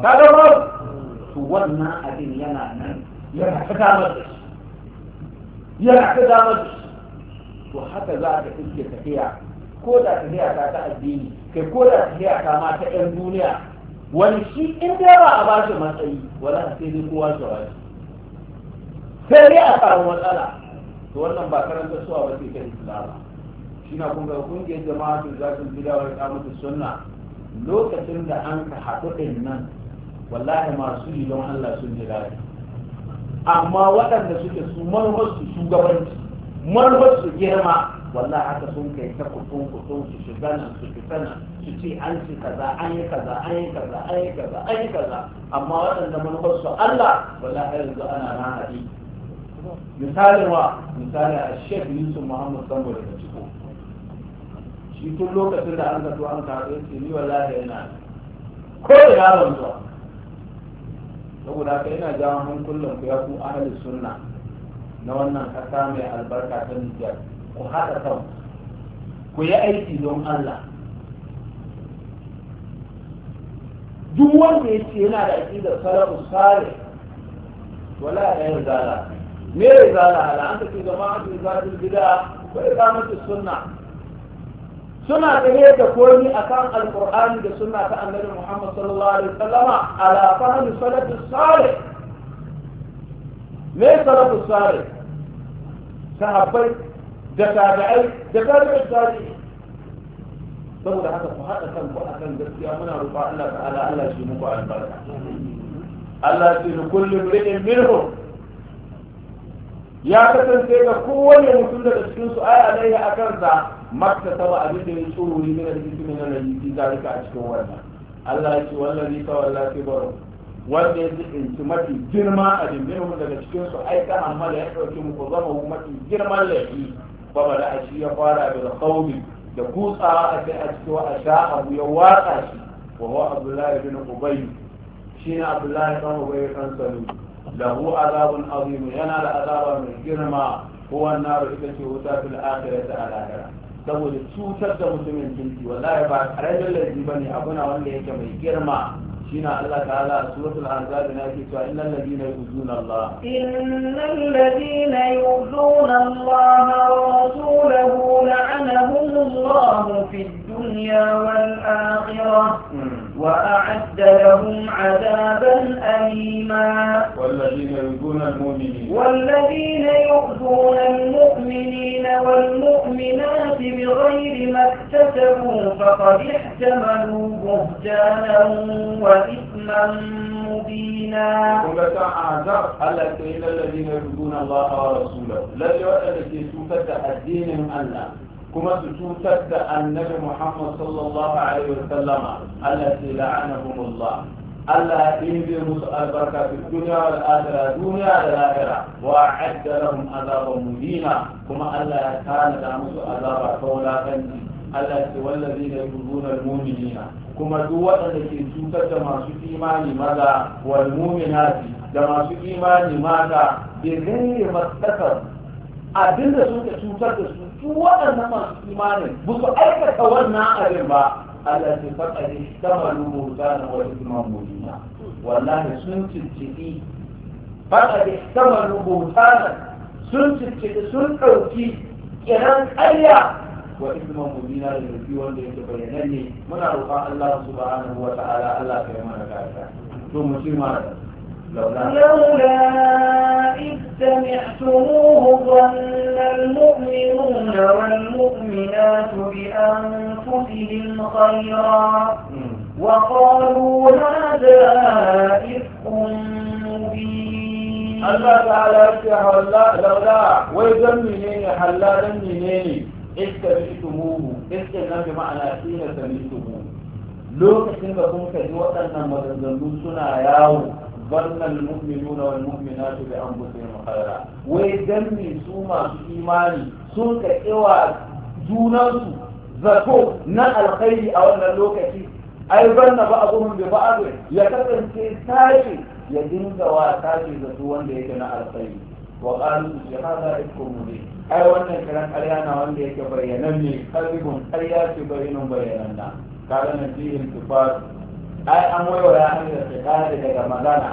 kaga ba to wannan abin yana nan yana ta damar da yana ta damar da shi to haka za ka iske tafiya ko da tafiya ta ta addini kai ko da tafiya ta ma ta 'yan duniya wani shi in da ba a ba shi matsayi wala sai dai kowa jawabi sai dai a samu matsala to wannan ba karanta suwa ba sai kan islama shi na kun ga kungiyar jama'a su za su bi dawar kamata sunna lokacin da an ka haɗu ɗin nan wallahi masu yi don Allah sun ji daɗi amma waɗanda suke su manufar su shugabanci manufar su girma wallahi haka sun kai ta kutun kutun su shiga nan su fita nan su ce an ci kaza an yi kaza an yi kaza an yi kaza an yi kaza amma waɗanda manufar su Allah wallahi yanzu ana rana misalin wa misali a shek yusuf muhammad sambo daga ciko shi tun lokacin da an zato an kaɗo ya ni wa lahi yana ko da yaron zuwa saboda ka yana jawo hankulan ku ya ku ahalin sunna na wannan kasa mai albarka ta nijar ku haɗa kan ku yi aiki don allah duk wanda ya ce yana da aƙidar salafu sare wala ya yi zala ميري زالها لأنت في جماعة وزارة البداء وإقامة السنة سنة هي تكوني أكام القرآن بسنة النبي محمد صلى الله عليه وسلم على فهم صلاة الصالح ما صلاة الصالح صحابي دتابعي دتابع الصالح فهو هذا فهذا كان وأكان بسيا من رفع الله تعالى ألا شيء مقع البركة ألا شيء كل امرئ منهم ya kasance da kowane mutum daga cikin su ai alaihi a kansa makka saba abin da ya da cikin al-ismi na da zalika a cikin wannan Allah ya ce wallahi tawalla fi baro wanda ya tsinci mafi girma a dimbin daga cikin su ai ta amma da ya mu ku zama mu mafi girman laifi ba da a shi ya fara da kauni da kutsawa a sai a cikin wa asha abu ya watsa shi wa huwa abdullahi bin ubay shi ne abdullahi bin ubay kan salu lahu azabun azim yana da azaba mai girma ko annaru ita ce wuta fil akhirati al akhirah saboda cutar da mutumin jinki wallahi ba karamin laifi bane abuna wanda yake mai girma شين الله تعالى سورة الأحزاب ناتيت إن الذين يؤذون الله إن الذين يؤذون الله ورسوله لعنهم الله في الدنيا والآخرة م. وأعد لهم عذابا أليما والذين يؤذون المؤمنين والذين يؤذون المؤمنين والمؤمنات بغير ما اكتسبوا فقد احتملوا بهتانا وإثما مبينا قل تعذر ألا إلى الذين يؤذون الله ورسوله لا يؤذن في سوفة الدين kuma su cutar da annabi Muhammad sallallahu alaihi wasallam Allah ce la'anahumullah Allah ya yi musu albarka fi duniya wal akhirah duniya da lahira wa a'adda mun azaba mudina kuma Allah ya tanada musu azaba ta wulakanci Allah ce wallazina yuzuna al-mu'minina kuma duk waɗanda ke cutar da masu imani maza wal da masu imani mata bi ghairi mastakar abinda suka cutar da su su waɗannan masu imanin ba su aikata wannan abin ba Allah ce faɗa ne tamalu mutane wa isman mulina wallahi sun cinciki faɗa ne tamalu mutane sun cinciki sun ɗauki kiran ƙarya wa isman mulina da zafi wanda yake bayanan ne muna roƙon Allah subhanahu wa ta'ala Allah ka yi mana kariya to mu ci mana لولا إذ سمعتموه ظن المؤمنون والمؤمنات بأنفسهم خيرا وقالوا هذا إفق مبين الله تعالى يفتح حلا لولا ويزن منين حلا دم منين استمعتموه استمع بمعنى حين سمعتموه لوكسين da kun kaji waɗannan maganganu suna yawo an ظن المؤمنون والمؤمنات بأنفسهم خيرا ويدمي سوما إيماني سوك إوا junansu zato na alkhairi a wannan lokaci ai banna ba abun bi ba ya kasance tashi ya dinga wa tashi zato wanda yake na alkhairi wa qalu bi hadha ikum mubin ai wannan kiran ƙarya na wanda yake bayyana ne kalbun ƙarya ce bayyanan bayyanan da kaga nan fihi intifar ai an waiwaya an da tsakani daga magana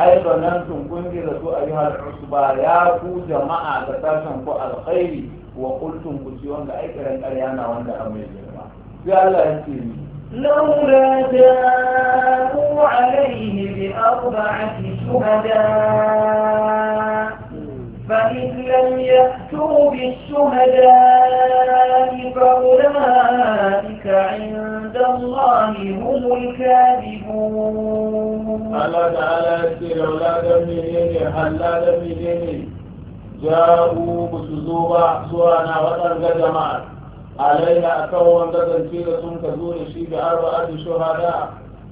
ai sannan tun kungi da su ayyuhal usba ya ku jama'a da sashen ku alkhairi wa kultum ku ci wanda ai kiran ƙarya na wanda an mai girma sai Allah ya ce ni لولا جاءوا عليه بأربعة شهداء فإن لم يأتوا بالشهداء فأولئك عند الله هم الكاذبون الله تعالى يسير أولاد المدينة حلاد المدينة جاءوا بسزوبة سوانا وطن جماعة عليها أكوان قدر كيلة تنكزون شيء بأربعة شهداء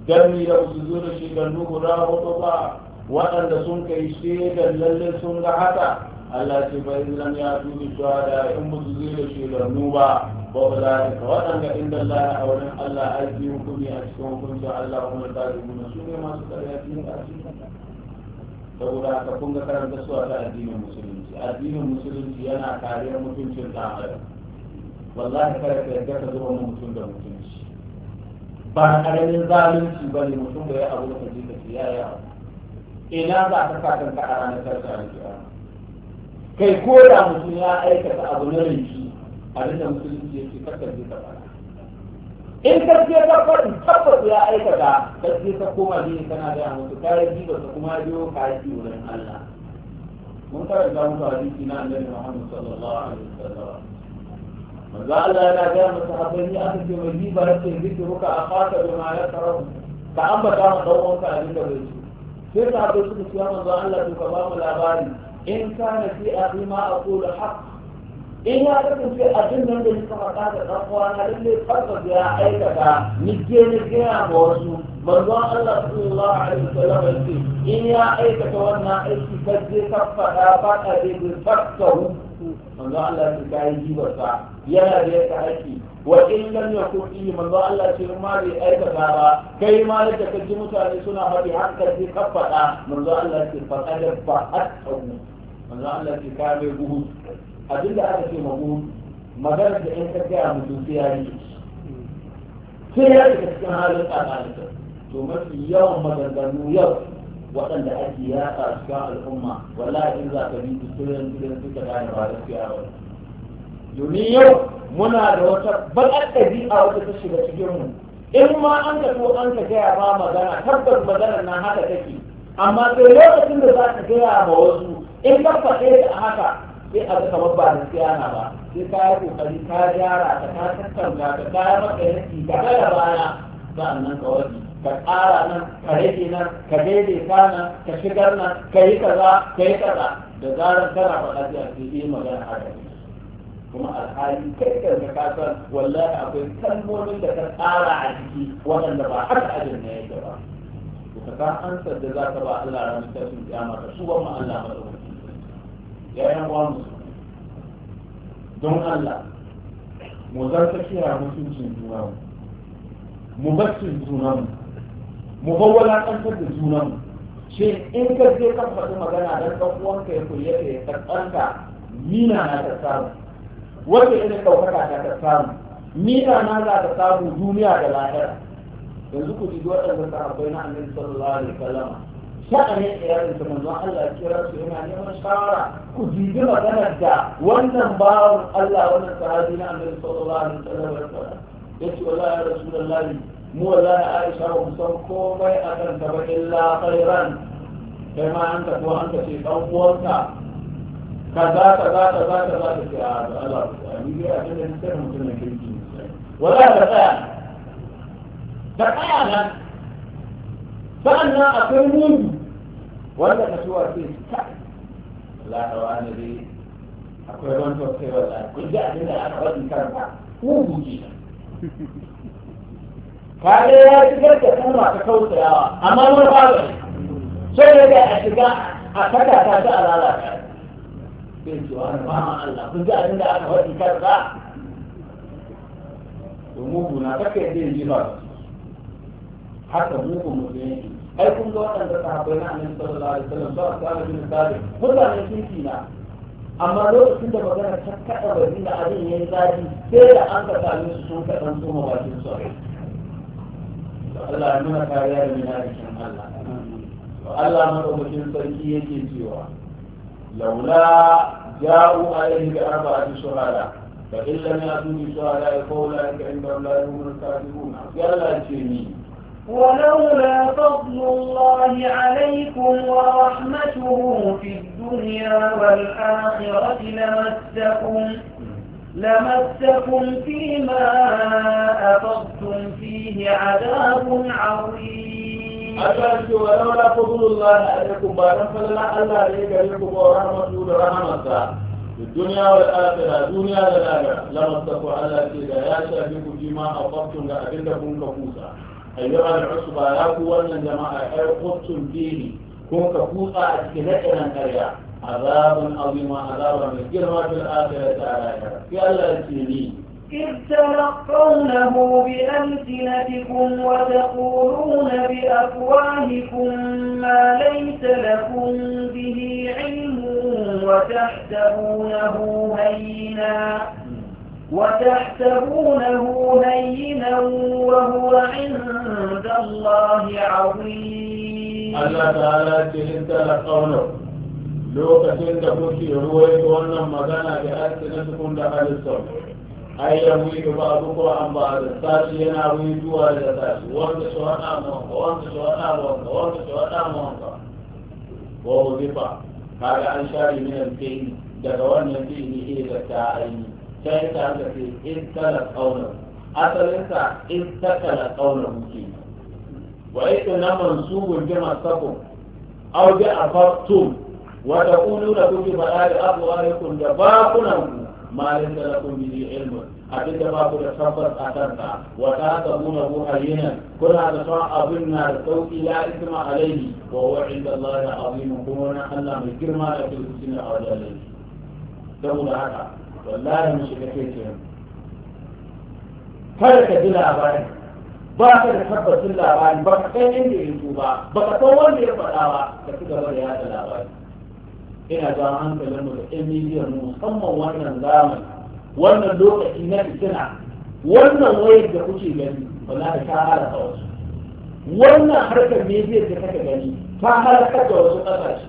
دمي لو سزون شيء راه وطفاء waɗanda sun kai shaidar lalle sun ga haka Allah ce bai in lam ya tu bi da in musu zai da shaidannu ba ba ba za ka waɗanda inda Allah a wurin Allah aiki hukumi a cikin hukunci Allah kuma ta rubu su ne masu a cikin ƙarshen saboda haka kun ga karanta su a ta addinin musulunci addinin musulunci yana kariyar mutuncin ɗan adam wallahi kare ka yadda ka zuba mutum da mutunci ba ƙaramin zalunci ba ne mutum da ya abu da ka ji ka ya ya abu ina za ka sa kanka a ranar tarshen kiyama kai ko da mutum ya aikata abu na rinki abin da musulunci yake kasance ka fara in ka je ka faɗi tabbas ya aikata ka je ka koma jini kana da mutu kayan jiba ka kuma biyo kayan ji wurin Allah mun karanta muku hadisi na annabi Muhammad sallallahu alaihi wasallam manzo Allah yana ga masahabai ni aka ce mai jiba yake zikiruka akhaka bima yakrahu ka ambata ma dan uwanka abin da bai ci sai sahabbai suka ce manzo Allah to ka ba mu labari in kana fi abi ma aqulu haqq in ya kasance abin nan da ya kama da dan uwa na lalle farko da ya aikata nige ni gaya ma wasu manzo Allah sallallahu alaihi wasallam yace in ya aikata wannan aiki ka je ka fada ba ka je ka fakkaru manzo Allah ya kai jibarsa yana da yake aiki وإن لم يكن فيه من ذا الله أي كذا كي ما لك تجمع على سنة هذه حتى في قفة من ضال الله أي فقد من ضال الله أي كامل بوه أجل هذا شيء مقول مدرسة إن كذا مسوسيا لي سيرك كان لك كذلك ثم في يوم مدرسة يوم وقال لأجي يا أشكاء الأمة ولا إلا تبيت سلم سلم سلم سلم سلم يوم يوم muna da wata baƙar a wata ta shiga cikinmu in ma an ka so an ka gaya ba magana tabbas maganar na haka take amma sai lokacin da za ka gaya ma wasu in ka faɗe da haka sai a ga kamar ba da na ba sai ka yi kokari ka gyara ka ka tattauna ka ka yi maka yanki ka ga da baya sa'annan ka wani ka ƙara nan ka rage nan ka daidaita nan ka shigar nan ka yi kaza ka yi kaza da zarar kana faɗa sai a eh, magana haka kuma alhali kai ka ga ka san wallahi akwai kalmomin da ka tsara a jiki waɗanda ba har ajin ne yake ba to ka san ansar da za ka ba Allah ranar tashin kiyama ka su ba mu Allah ba madaukaki ya yan uwa mu don Allah mu zarta kiyaye mutuncin juna mu mu baccin juna mu mu bawwala kantar da juna mu shi in ka je ka faɗi magana don ɗan uwanka ya kulle ka ya karɓar mina na ta samu wata irin ɗaukaka ta ta samu ni da na za ta samu duniya da lahira yanzu ku ji waɗanda sahabbai na annabi sallallahu alaihi wasallam sha'anin iyalin su manzon Allah kira su yana neman shawara ku jibi maganar da wannan bawan Allah wannan sahabi na annabi sallallahu alaihi wasallam ya ce wallahi ya rasulullahi mu wallahi Aisha ba mu san komai akan ta ba illa khairan kai ma an ka ko an ka ce dan uwanka kaza kaza kaza kaza ta ce a da Allah ni dai a cikin sai mutum ne kirki wala ta tsaya ta tsaya nan sa'annan akwai mudu wanda ka tuwa ce ta la ta wani dai akwai wani sosai wala kun ji abin da aka faɗi kan ba mudu ke ka dai ya shigar da kan masu kautayawa amma wani babu sai da a shiga a kada ta ta a lalata sai ce wani ba Allah kun ji abin da aka faɗi karsa to mugu na kaka yadda ya ji ba haka mugu musulunci ai kun ga waɗanda sahabbai na annabi sallallahu alaihi wasallam ba su ana bin sabi mutanen kirki na amma lokacin da magana ta kaɗa bari da abin ya yi zafi sai da an ka sami su sun kaɗan su mabakin su Allah ya nuna kariya da mina Allah Allah madaukakin sarki yake cewa لولا جاءوا عليه بأربعة شهداء فإن لم يأتوا بشهداء فأولئك عندهم لا يؤمنون الكاذبون يلا تشيني ولولا فضل الله عليكم ورحمته في الدنيا والآخرة لمسكم لمسكم فيما أفضتم فيه عذاب عظيم Allah ce wa laula fadlullah alaikum ba dan falala Allah ne gare ku ba rahmatu da rahmatsa duniya wal akhirah duniya da lahira lamastaku Allah ce da ya shafi ku jima a faktun da abin da kun ka kusa ayyuha al-usba ya ku wannan jama'a ai faktun bihi kun ka kusa a cikin ra'iran karya azabun azima azaba mai girma fil akhirah ta lahira sai Allah ce ni إذ تلقونه بألسنتكم وتقولون بأفواهكم ما ليس لكم به علم وتحسبونه هينا وتحسبونه هينا وهو عند الله عظيم الله تعالى كهن تلقونه لو كهن تبوكي رويت وانا مغانا بألسنتكم لأهل الصبر ai ya mutu ba abu ko an ba da sashi yana mutuwa da sashi wanda su hana mu wanda su hana mu wanda su hana mu wa wuzifa kaga an share min alkaini daga wannan fi'ili ne da ta aini sai ta ga fi in kala qaula asalin sa in ta kala qaula muke wa ita na mansubun jama sako aw ja afartum wa taquluna kuji fa'al abwaikum da baqunan ku ما ليس لكم به علم ما أبدا باكو تشفت أترتا وتاتمونه هينا كل هذا شاء أبنا التوكي لا إثم عليه وهو عند الله عظيم كمونا أننا من كرما لكي الحسين أولى عليه تقول هذا والله مش كثير kada ka ji labarin ba ka da tabbacin labarin ba ka kai inda ya ba ba ka san wanda ya faɗa ba ka ci gaba da yada labarin ina ga hankalin mu da ƴan bidiyon mu musamman wannan zamani wannan lokaci na fitina wannan wayar da kuke gani wallahi ta ka wasu wannan harkar bidiyar da kake gani ta halakar da wasu ƙasashe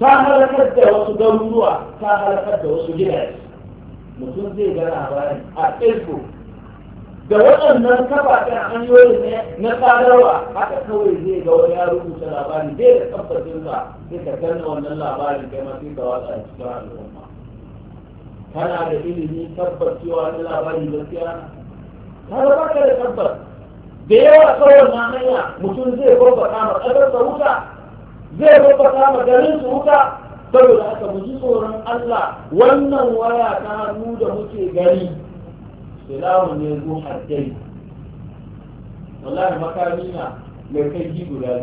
ta halakar da wasu garuruwa ta halakar da wasu gidaje mutum zai gana bayan a facebook da waɗannan kafafen hanyoyin ne na sadarwa haka kawai zai ga wani ya rubuta labari zai da tabbacin sa sai ka kanna wannan labarin kai ma sai ka watsa a cikin al'umma kana da ilimi tabbas cewa wani labari gaskiya Ta da ka da tabbas da yawa kawai na hanya mutum zai babbaka ma ƙasar sa wuta zai babbaka ma garin su wuta saboda haka mu ji tsoron Allah wannan waya ta hannu da muke gani silamun ne zu haddai wallahi makami na mai kai guda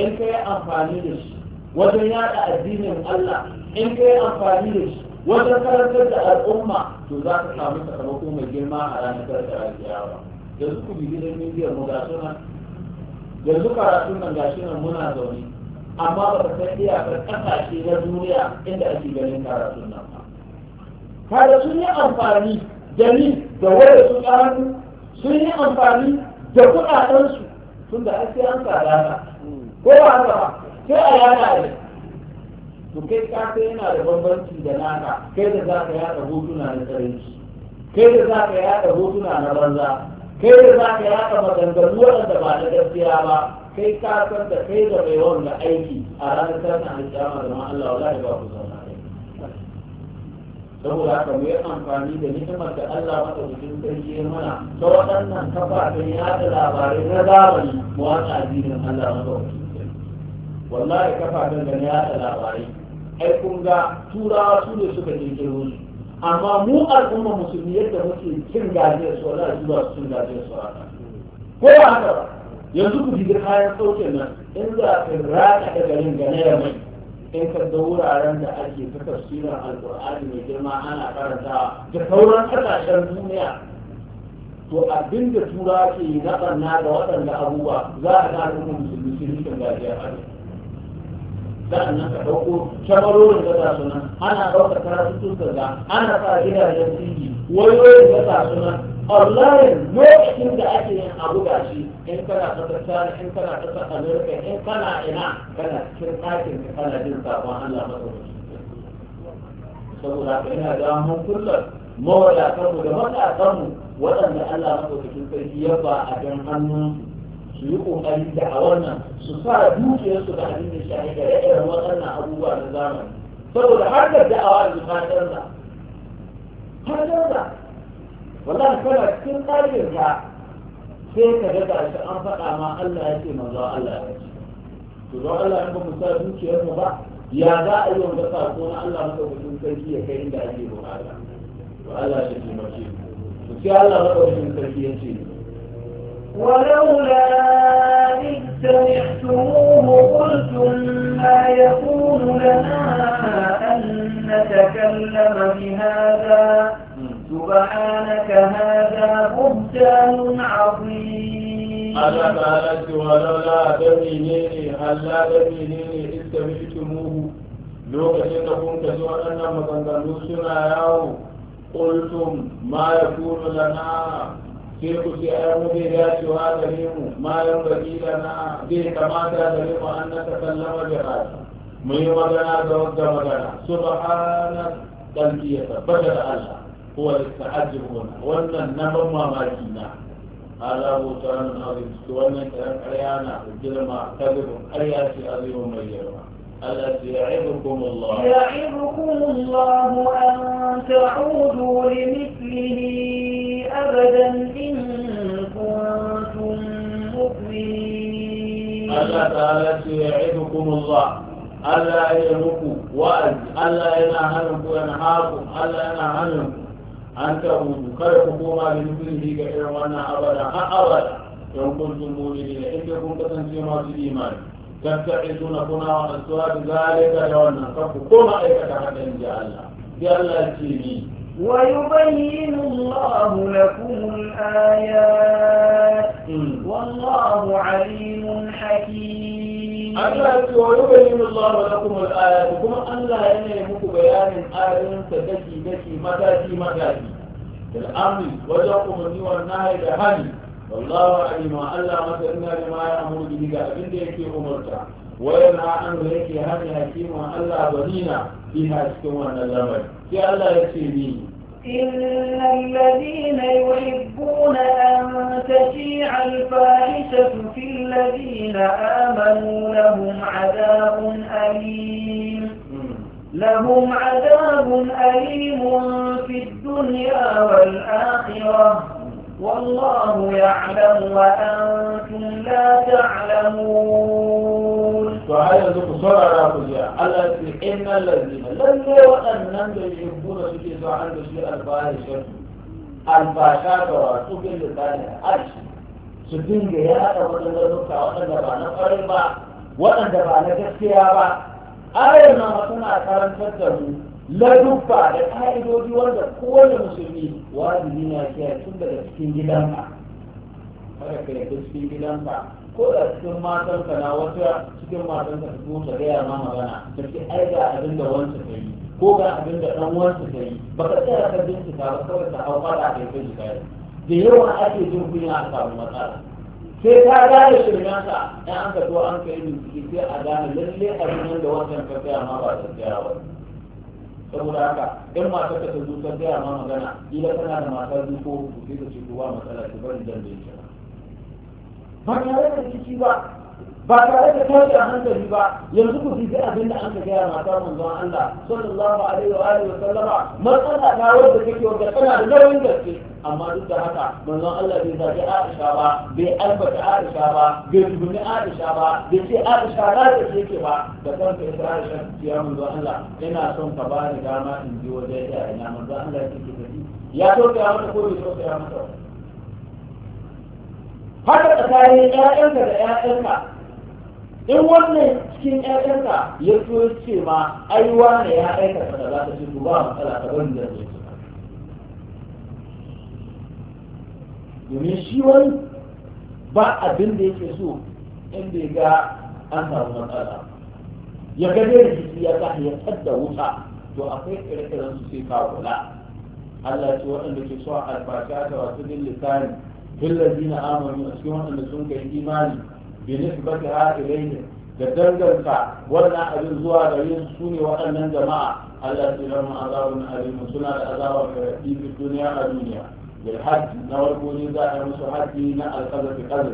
in ka yi amfani da shi wajen yada addinin Allah in ka yi amfani da shi wajen karantar da al'umma to za ka samu sakamako mai girma a ranar karkara kiyawa yanzu ku bibi da miliyar mu gashi nan yanzu karatun nan gashi nan muna zaune amma ba ka san iyakar kasashe na duniya inda ake ganin karatun nan ba kada sun yi amfani da da wanda su ƙaranu sun yi amfani da kuɗaɗensu tun da ake an tsada ko ba haka ba sai a yada ne to kai ka sai yana da bambanci da naka kai da za ka yada hotuna na karanci kai da za ka yada hotuna na banza kai da za ka yada maganganu waɗanda ba na gaskiya ba kai ka san da kai da mai wanda aiki a ranar tana alƙiyama da ma Allah wallahi ba ku sanar saboda haka mu yi amfani da ni'imar da Allah maka cikin sarki ya mana ta waɗannan kafafen yaɗa labarai na zamani mu watsa addinin Allah maka wallahi kafafen da na yaɗa labarai ai kun ga turawa su ne suka kirkiro su amma mu al'umma musulmi yadda muke cin gajiyar su wallahi su ba su cin gajiyar su haka ko ba haka ba yanzu ku jigir kayan sauke nan in za ka raka da garin gane da mai in ka ga wuraren da ake ta tafsirin alkur'ani mai girma ana karanta da sauran kasashen duniya to abin da tura ke na barna da waɗanda abubuwa za a ga kuma musulmi sun rikin gajiya a sa'annan ka ɗauko kyamarorin da tasu nan ana ɗaukar karatun sun ana sa gidajen tv wayoyin da tasu nan online lokacin da ake yin abu ga shi in kana kasar china in kana kasar america in kana ina kana cikin ɗakin ka kana jin sabon allah matsaloci saboda haka ina da mun kullum mawadatar mu da matasan mu waɗanda allah matsaloci sarki ya ba a jan hannun su yi ƙoƙari da a wannan su sa dukiyarsu da abin da shahi da irin waɗannan abubuwa na zamani saboda harkar da'awa da zuwa canza ta canza wallahi kana cikin tsarin ka sai ka ga gashi an faɗa ma Allah ya ce manzo Allah ya ce to don Allah in ba mu sa zuciyar mu ba ya za a yi wanda sako na Allah madaukakin sarki ya kai inda ake bukata to Allah shi ne mace to sai Allah madaukakin sarki ya ce ولولا إذ سمعتموه قلتم ما يكون لنا أن نتكلم بهذا سبحانك هذا بهتان عظيم ألا قالت ولولا دميني ألا دميني إذ سمعتموه lokacin da kun ka ji waɗannan maganganu suna yawo ƙultum ma ya kuru lana sai ku ce ai mu bai dacewa gare mu ma yan baki lana bai kamata gare mu an na ta sallama da rashi mu yi magana da wadda magana subhanak kalbi ya tabbata da Allah هو التعجب هنا وأن نبما ما يمنع هذا هو كلام عظيم سوانا كلام عليانا ما معتبر أياتي عظيم مجرما التي يعظكم الله يعظكم الله أن تعودوا لمثله أبدا إن كنتم مؤمنين ألا تعالى يعظكم الله ألا يلوكوا وأن ألا ينهلكوا وينهاكم ألا ينهلكوا an tabu kada ku koma da nufin ga irin wannan abada har abada don kun zumuni ne inda kun kasance masu imani tattaizuna kuna wa asuwa da zalika da wannan kanku koma aikata hakan ji Allah ji Allah ce ni ويبين الله لكم الآيات والله عليم حكيم Allah ce wa yubayyin Allah lakum al-ayat kuma Allah yana yi muku bayanin ayoyin ta daki daki mataki mataki bil amri wajen umarni wa nahi da hali wallahu alima Allah masa inna lima ya'muru bihi ga abin da yake umarta wa yana an da yake hanya hakima Allah banina biha cikin wannan lamarin sai Allah ya ce ni إن الذين يحبون أن تشيع الفاحشة في الذين آمنوا لهم عذاب أليم لهم عذاب أليم في الدنيا والآخرة والله يعلم وأنتم لا تعلمون to har yanzu ku saurara ku ji Allah ya ce innal ladina lalle waɗannan da yubbuna suke zuwa an da su alfahisha alfasha da wasu bin lisani arshi su dinga ya haɗa waɗanda zuka waɗanda ba na ƙwarai ba waɗanda ba na gaskiya ba ayar na tana karantar da mu ladubba da ƙa'idodi wanda kowane musulmi wajibi ne ya kiyaye tun daga cikin gidanka kada ka yarda cikin gidanka ko da cikin matan ka na wata cikin matan ka su ta gaya ma magana da ke ai ga abin da wanta ta yi ko ga abin da dan wanta ta yi ba ka tsaya ka bincika ba kawai ta hau fada kai kai kai da yawa ake jin kunya a samu matsala sai ka gane shirmanka in an ka zo an ka yi bincike sai a gane lalle abin da wancan ka tsaya ma ba ta tsaya ba saboda haka ɗan matar ka ta zo ta tsaya ma magana ila tana da matar zuko ko sai ka ce ko ba matsala ta bari dan da yake ba tare da ciki ba ba tare da tashi a hankali ba yanzu ku fi abin da an gaya mata manzon Allah sallallahu alaihi wa alihi wa sallama matsala ta wanda kake wanda tana da nauyin gaske amma duk da haka manzon Allah bai zabi Aisha ba bai albata Aisha ba bai tubuni Aisha ba bai ce Aisha ra da yake ba da kanka ita Aisha ya manzon Allah ina son ka bani dama in ji wajen da ina manzon Allah yake tafi ya so ka mata ko bai so ka mata haka tsakanin ƴaƴanka da ƴaƴanka in wannan cikin ƴaƴanka ya so ce ma ai wane ya aikata da za ta ce ba matsala ta ban da zai domin shi wani ba abin da yake so in bai ga an samu matsala ya ga dai jiki ya sa ya tsada wuta to akwai ƙirƙiran su sai ka kula Allah ce waɗanda ke so a albarka ta wasu lissani. الذين آمنوا أسيون أن سنك إيماني بنسبتها إليه تتنزل سعى ولا أدل زوى غير سوني وقال من جماعة ألا سيرهم أعظام أليم سنة الأعظام في الدنيا الدنيا للحج نور بوليزا أمس حجي ناء القدر في قدر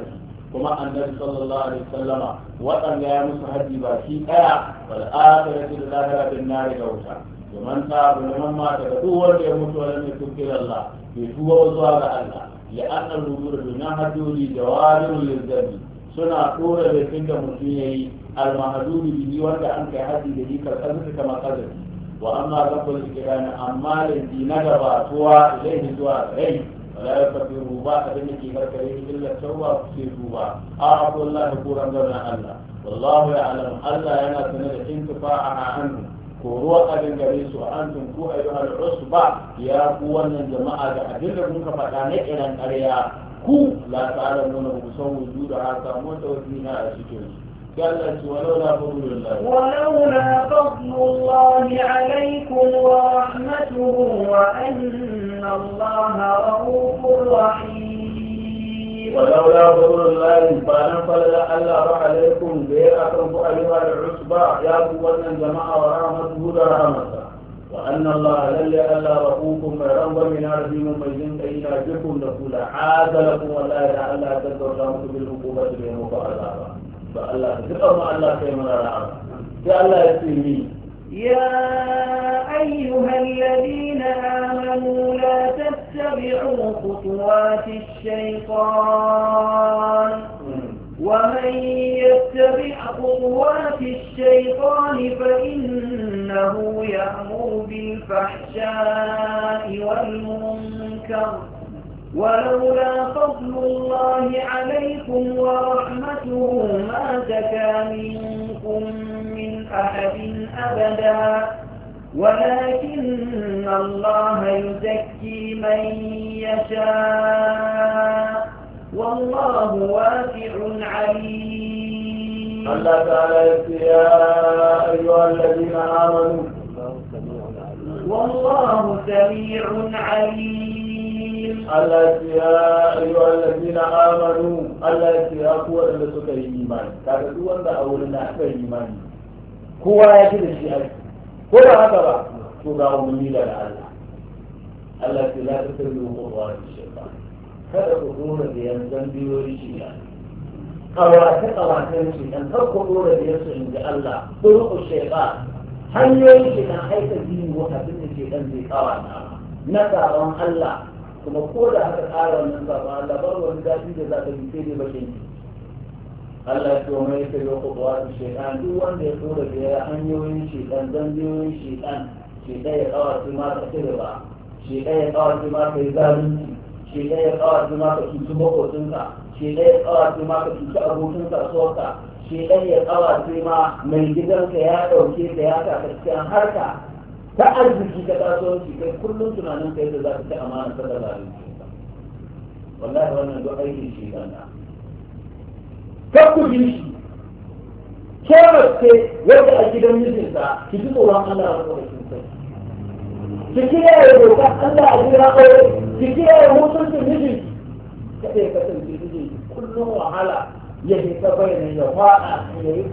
كما أن النبي صلى الله عليه وسلم وقال يا أمس حجي باشي أع والآخرة الآخرة بالنار جوشا ومن تعب ومن مات فهو يموت ولم يتوب إلى الله في هو وزوى الله لأن الوجود المحدود جوار للذنب سنة طورة لكن مسلمي المحدود به وانت أنك حدي لديك القدر كما قدر وأما ذكر الإكرام أمال الذي ندب سوى إليه سوى إليه ولا يستطيع ربا أدنك كركريه إلا سوى في ربا أعطوا الله كورا دون الله والله يعلم ألا أنا سنة انتفاعها عنه koro abin gare su a antum ku ayyuha al-usba ya ku wannan jama'a da abin da kuka faɗa na kiran ƙarya ku la ta'lamuna ku san wujuda ha samu tawfina a cikin su قالت ولولا فضل الله ولولا فضل الله عليكم ورحمته وأن الله رؤوف رحيم ولولا فضل الله فانا فلا الا راح عليكم بأقرب ايها العصبة يا قوة جماعة ورحمته ورحمته وان الله للي الا رؤوكم رب من عظيم مجد اين بكم نقول عاد لكم ولا لعل تتوسعون بالعقوبة بينكم وعذابا فالله تقم الله كيما رأى يا الله يسلمين يا أيها الذين آمنوا لا تتبعوا خطوات الشيطان ومن يتبع خطوات الشيطان فإنه يأمر بالفحشاء والمنكر ولولا فضل الله عليكم ورحمته ما زكى منكم من أحد أبدا ولكن الله يزكي من يشاء والله واسع عليم الله تعالى يا أيها الذين آمنوا والله سميع عليم التي يا أيها الذين آمنوا التي يا قوة اللي سكى إيمان كانت دون دا أولنا أكبر إيمان هو يجد الشيء هو هكذا تدعو من إلى الله التي لا تتبع خطوات الشيطان kada ku dora da yanzan biyoyi shi ne kawace kawace shi dan kar ku dora da yansu in ji Allah turuku shaytan hanyoyin shi dan aika dini wa abin da shaytan zai kawata na tsaron Allah kuma ko da aka tsara wannan saba labar wani zafi da za ka yi sai dai bakin ki Allah ya ce ya mai yau kuwa da shaitan duk wanda ya tsora da ya hanyoyin shaitan zanziyoyin shaitan shaitan ya kawo su ma ka cire ba shaitan ya kawo su ma ka yi zalunci shaitan ya kawo su ma ka cuci makotinka shaitan ya kawo su ma ka cuci abokin kasuwarka shaitan ya kawo su ma mai gidanka ya ɗauke ka ya ka cikin harka ta arziki ta kasuwanci kai kullum tunanin kai da za ka ci amana ta da zalunci wallahi wannan duk aikin shi kanka kar ku bi shi ke mace wanda a gidan mijinsa ki ji tsoron Allah wa ki kiyaye doka Allah a gidan aure ki kiyaye mutuncin mijinki kada ya kasance mijinki kullum wahala ya fita bayanan ya faɗa ya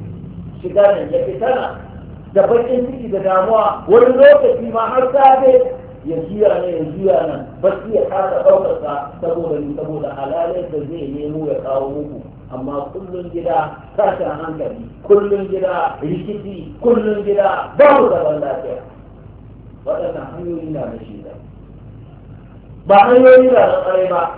shiga nan ya fita nan da bakin ciki da damuwa wani lokaci ma har safe ya jiya ne ya jiya nan bacci ya kasa ɗaukarsa saboda ni saboda halalai da zai nemo ya kawo muku amma kullum gida tashin hankali kullum gida rikici kullum gida babu zaman lafiya waɗannan hanyoyi na da shi ba hanyoyi na da tsare ba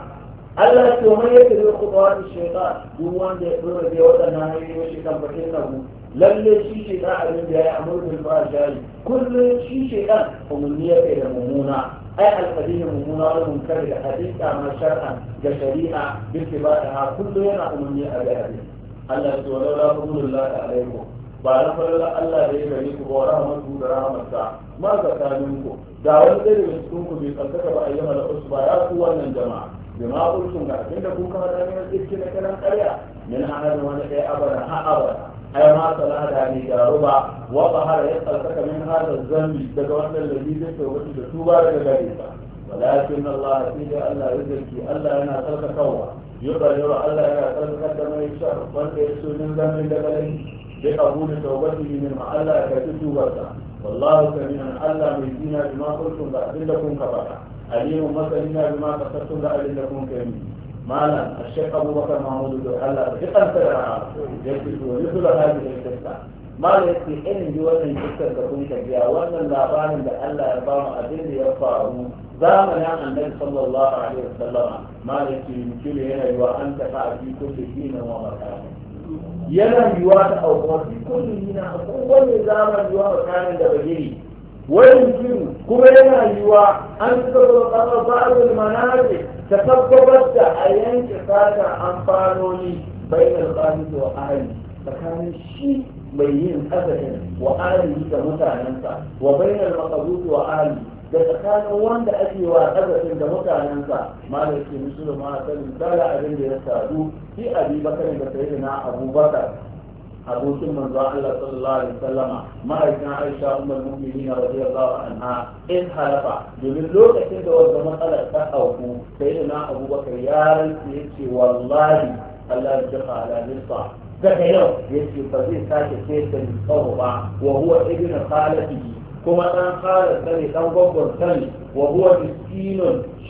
Allah ce wani yake zai kuɗa wani shekar duk wanda ya ɗora bai waɗannan hanyoyi shi kan bakin sabu lalle shi shi ɗan abin da ya yi amur bil fahsha'i kullum shi shi ɗan umarni ya kai da mummuna ai alƙadihin mummuna wani munkar da hadisa ma shar'an da shari'a bisa ba da ha kullum yana umarni a ga abin Allah ya ce wa laula fadlullah alaikum ba na fadlullah Allah da ya gare ku ba wa rahmatu da rahmatsa ma tsakanin ku da wani ɗaya daga cikin ku bai tsantaka ba ayyama da usba ya ku wannan jama'a bima qultum ga abinda kun ka faɗa ne na cikin kalan ƙarya min ahadin wani ɗaya abada ha abada حيوانات الأهل يعني ربع وظهر يسألك من هذا الذنب تكون الذي ذكر وجد توبة لك ولكن الله فيه ألا يزكي ألا أنا تلك كوة يرى ألا أنا تلك كما يشعر وانت يسوي من ذنب لك بقبول توبته من ألا كتتوبة والله سميعا ألا ميزينا بما قلتم لأذلكم كبرا عليم مثلنا بما قصدتم لأذلكم كمين مالا الشيخ أبو بكر محمود بن الله ثقا في العام يجلس ويدخل هذه القصه ما يكفي إن جوان الفكر تكون تبيع وأن لا فاهم بأن لا يرضام أدل يرفعه زامن عن النبي صلى الله عليه وسلم ما يكفي يمكن هنا وأن تقع في كل دين ومكان yana yiwa ta aukuwa fi kullum yana akwai wani zaman كان tsakanin da bagiri wani kuma yana yiwa an suka zo kasar ba'adul ta tabbatar da a yanke fata amfanoni bai da alƙali da wa'ali tsakanin shi mai yin azahin wa'ali da mutanensa wa bai da makazu da wa'ali da tsakanin wanda ake wa azahin da mutanensa malar ke musulma a tsarin tsara abin da ya sadu fi abi bakar da sai da na abubakar أبو ثم الله صلى الله عليه وسلم ما كان عائشة أم المؤمنين رضي الله عنها إن حلفا جميل لوك كنت وزمان ألا تأوكو سيدنا أبو بكر يا ربي والله الله يجب على نصف تخيلوا يسي فزيل ساكي كيسا يصوبا وهو ابن خالته كما أن خالد سري ثوبا سري وهو مسكين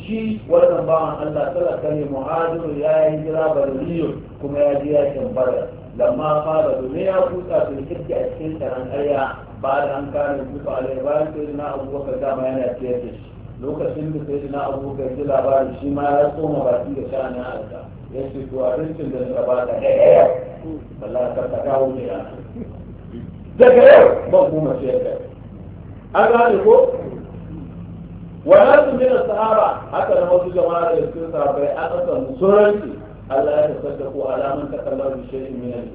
شي وزن بعض الله سلك لمعاذ يا هجرا بلوليون كما يجيا كمبرر لما قال دنيا كوسا في الحج أشكين سران أيا بعد أن كان يكوسا عليه بعد سيدنا أبو بكر دام أنا أتيتش لو كسين سيدنا أبو بكر جلا بعد شيء ما يصوم بعد كده شأن هذا يشوف وارث من الأباد فلا تتكاو لنا ذكر مفهوم شيء أنا أقول وناس من الصحابة حتى لو تجمع الإسلام صحابة أقصى مسرتي Allah ya tasaddaku ala man takallama bi shay'in min al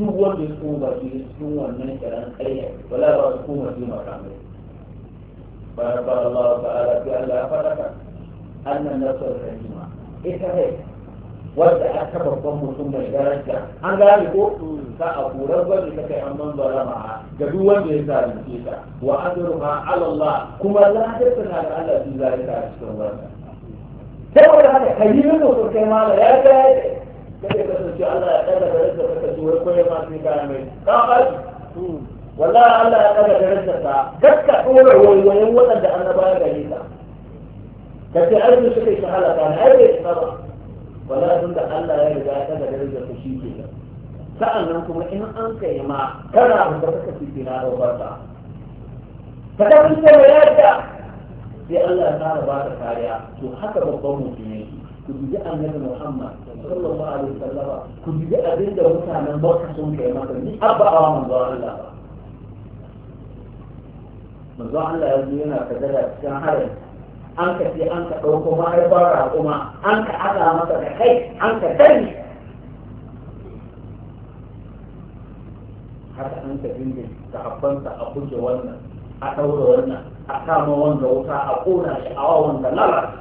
duk wanda ya koma shi cikin wannan kiran ƙarya wala ba su koma shi makamai baraka Allah ta'ala fi Allah ya faraka annan nasar rahima ita rai wadda aka babban mutum mai daraja an gane ko ka a kurar wanda ta kai an manzara ma ga duk wanda ya zalunce ta wa azruha ala Allah kuma lafiya ta tana da Allah bi zalika a cikin wannan saboda haka ka yi yin su kai ma da ya ta yi kake kasance Allah ya kada da rinsa ka kasu wai koyar ma sai ka mai ka faɗi wallahi Allah ya kada da rinsa ka gaska dora wayoyin waɗanda annabawa gare ka kace arziki suka yi shahala ka ne arziki su saba wallahi tun da Allah ya riga ya kada da rinsa ka shi ke sa'annan kuma in an kai ma kana da kaka fi na robar ka ka kasance mai yadda sai Allah ya fara ba da kariya to haka babban mutum yake ku dubi annabi Muhammad sallallahu alaihi wasallam ku dubi abin da mutanen Makka sun kai maka ni abba awa manzo Allah manzo Allah ya zo yana kadara cikin harin an ka ce an ka ɗauko mahaifar raƙuma an ka haɗa masa da kai an ka dani haka an ka dinga sahabbansa a buge wannan a ɗaura wannan a kama wanda wuta a ƙona shi a wanda lalata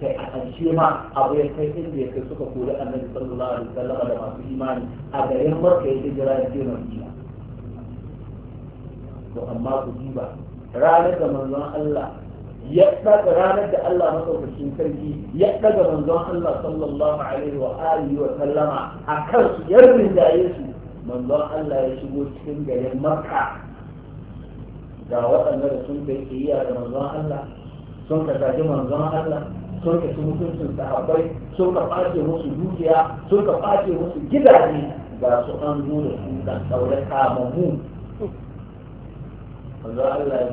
sai a shi ma abu ya kai inda ya kai suka kori annabi sallallahu alaihi wasallam da masu imani a garin marka ya jira ya ce madina to amma ku diba ranar da manzon Allah ya daga ranar da Allah madaukakin sarki ya daga manzon Allah sallallahu alaihi wa alihi wa sallama akan su da yesu manzon Allah ya shigo cikin garin Makka ga waɗanda da sun kai kiyaya da manzon Allah sun ka tafi manzon Allah sun ka ci mutuncin sahabbai sun ka fashe musu dukiya sun ka fashe musu gidaje ga su an zo da su da tsaure kamamu manzon Allah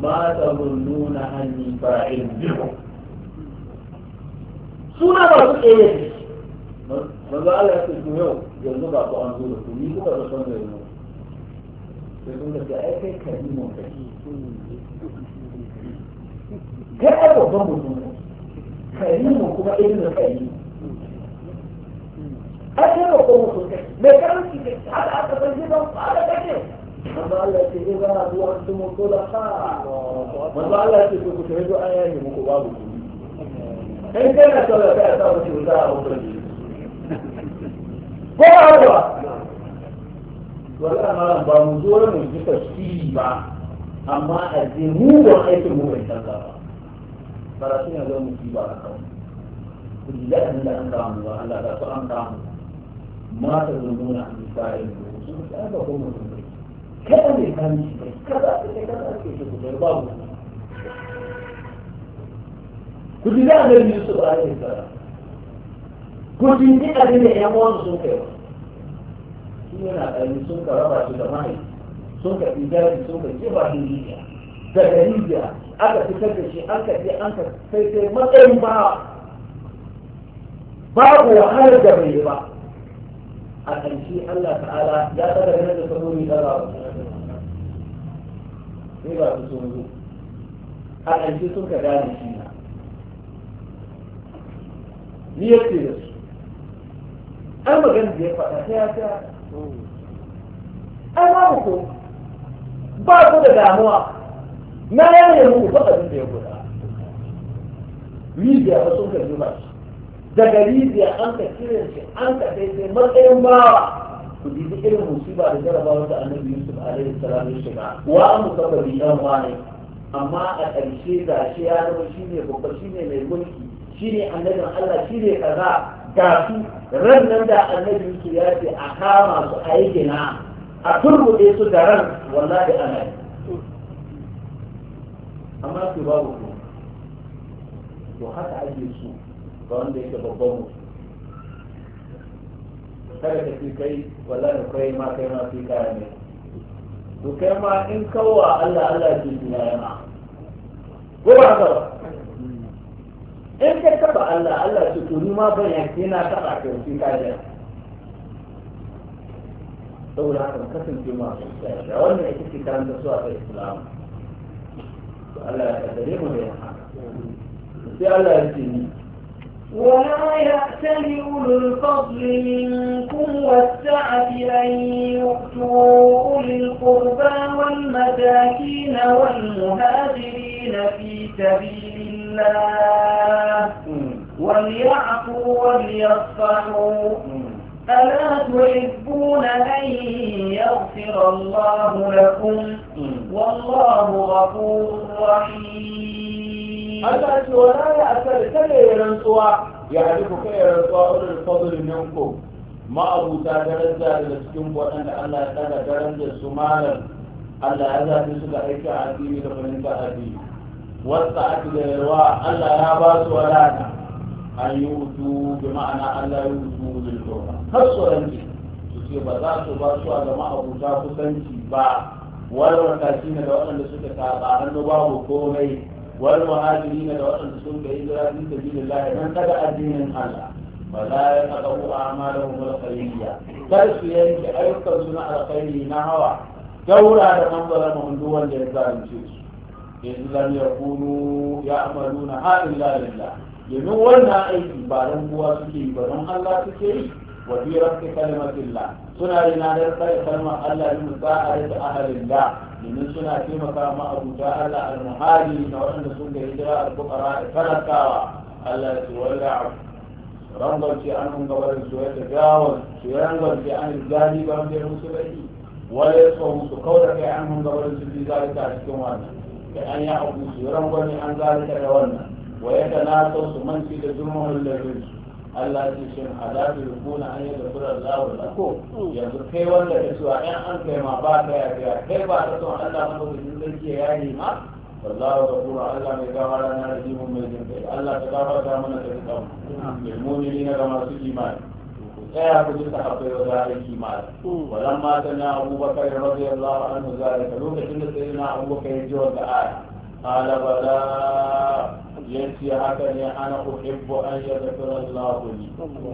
ma nuna anni fa'il biyu suna ba su ƙeye manzon Allah ya ce yau yanzu ba ku an zo da su, ni kuka da son da yanzu يقول لك يا اخي كريم وكريم كأب وضم كريم وكما ابن كريم أكل وضم ما كانش على حتى تجيبهم على كده Mazala ce ne za a zuwa su mun kula ka. Mazala ce ku ku shaidu an yanke muku babu kuɗi. Kai kai na sauya kai a sa mutu za a mutu. Ko ba haka ba? wala malam ba mu zo mu ji tafsiri ba amma a je mu ba aikin mu bai canza ba ba su ne zan mu ji ba a kan ku ji daɗin da an kamu ba Allah da su an kamu mata zununa a misalin da su su an ba kuma sun bai kada mai kami shi bai kada su ne kada ake shi ku bai babu ku ji daɗin da Yusuf a yi sara ku ji daɗin da ƴan uwan sun kai ba yana ɗari sun ka raba shi da mai sun ka jari sun ka jefa shi rijiya daga rijiya aka fitar da shi an ka je an ka sai sai matsayin ba babu wahalar da bai yi ba a ƙarshe Allah ta'ala ya tsada ganin da saboda ya tsara sai ba su sun zo a ƙarshe sun ka gane shi na ni yake da su an magana da ya faɗa ta ya ta ai ba ko ba ku da damuwa na yana yanzu ku faɗa da ya guda rijiya ba sun karbi ba shi daga rijiya an ka kiran shi an ka kai sai matsayin bawa ku dibi irin musiba da jarabawa da annabi yusuf alaihi salam ya shiga wa an musabbabi dan wani amma a ƙarshe ga shi ya zama shi ne babba shi ne mai mulki shi ne annabin allah shi ne kaza ga su ran nan da annabi yake ya ce a kama su a yi gina a turbuɗe su da ran wallahi ana yi amma su babu ku to haka ake su ga wanda yake babban mu. kada ka fi kai wallahi kai ma kai ma fi kaya ne to kai ma in kawo Allah Allah ke duniya ko ba ka ba in ka taba Allah Allah su tuni ma ban yanki na taba ka yanki ka da saboda haka kasance masu da wannan ita ce karanta su a ta islam Allah ya kaddare mu da haka sai Allah ya ce ni ولا يأتل أولو الفضل منكم والسعة أن يؤتوا أولي القربى والمساكين والمهاجرين في سبيل الله وليعفوا وليصفحوا ألا تحبون أن يغفر الله لكم والله غفور رحيم ألا تولى أسأل كلي رنسوا يعرف كلي رنسوا أولي الفضل منكم ما أبو تاجر الزال لسكم وأن ألا تاجر الزمال الله هذا في سلحك عزيزي لفنك عزيزي والسعة للرواء ألا ياباس ولا نعم. أن يؤتوا بمعنى ألا يؤتوا للقربى خصوا أنت تسيب الرأس وباسوا لما أبو جاكو سنتي باع والمساكين لو أن لسوك تعطى أنه باب كومي والمهاجرين لو أن لسوك إذا في سبيل الله من تبع دين الله فلا يقطعوا أعمالهم الخيرية ترسوا ينك أيضا أيوة سنع الخيري نهوى دورة لمنظر مهندوا لإنسان شيء إن لم يكونوا يعملون إلا لله يمن ولنا أي بارم بواسكي بارم الله تكي وفي رفك كلمة الله سنة لنا رفك كلمة الله لمساعدة أهل الله لمن سنة في مقام أبو جهل المهاجرين وأن سنة هجراء الفقراء فلتا الله تولى رمضان في أنهم قبل سوية تجاوز في رمضان في أن الجاني برمضان سبعي ولا يصفهم سكوتك عنهم قبل سوية ذلك أشكوا عنهم da an yi abu su rangwani an zalika da wannan wa ya tana sau su manci da zulmuhun lalun Allah ce a zafi rukuna an yi da furar da ko yanzu kai wanda ya suwa ɗan an kai ma ba ta yafiya kai ba ta son Allah maka kudin zai ya yi ma ka ghafur Allah mai gafara na rajimu mai jinkai Allah ta gafarta mana da rikam lil mu'minina ga masu imani ya fi jin sahabbai wa zaɓe ki ma da. Hmm. Wannan mata na abubakar da mafi yin da zaɓe ka lokacin da sai na abubakar ya ji wanda a aya. Ala bala ya ce haka ne ana uhibbu an yi da fi Allah ni.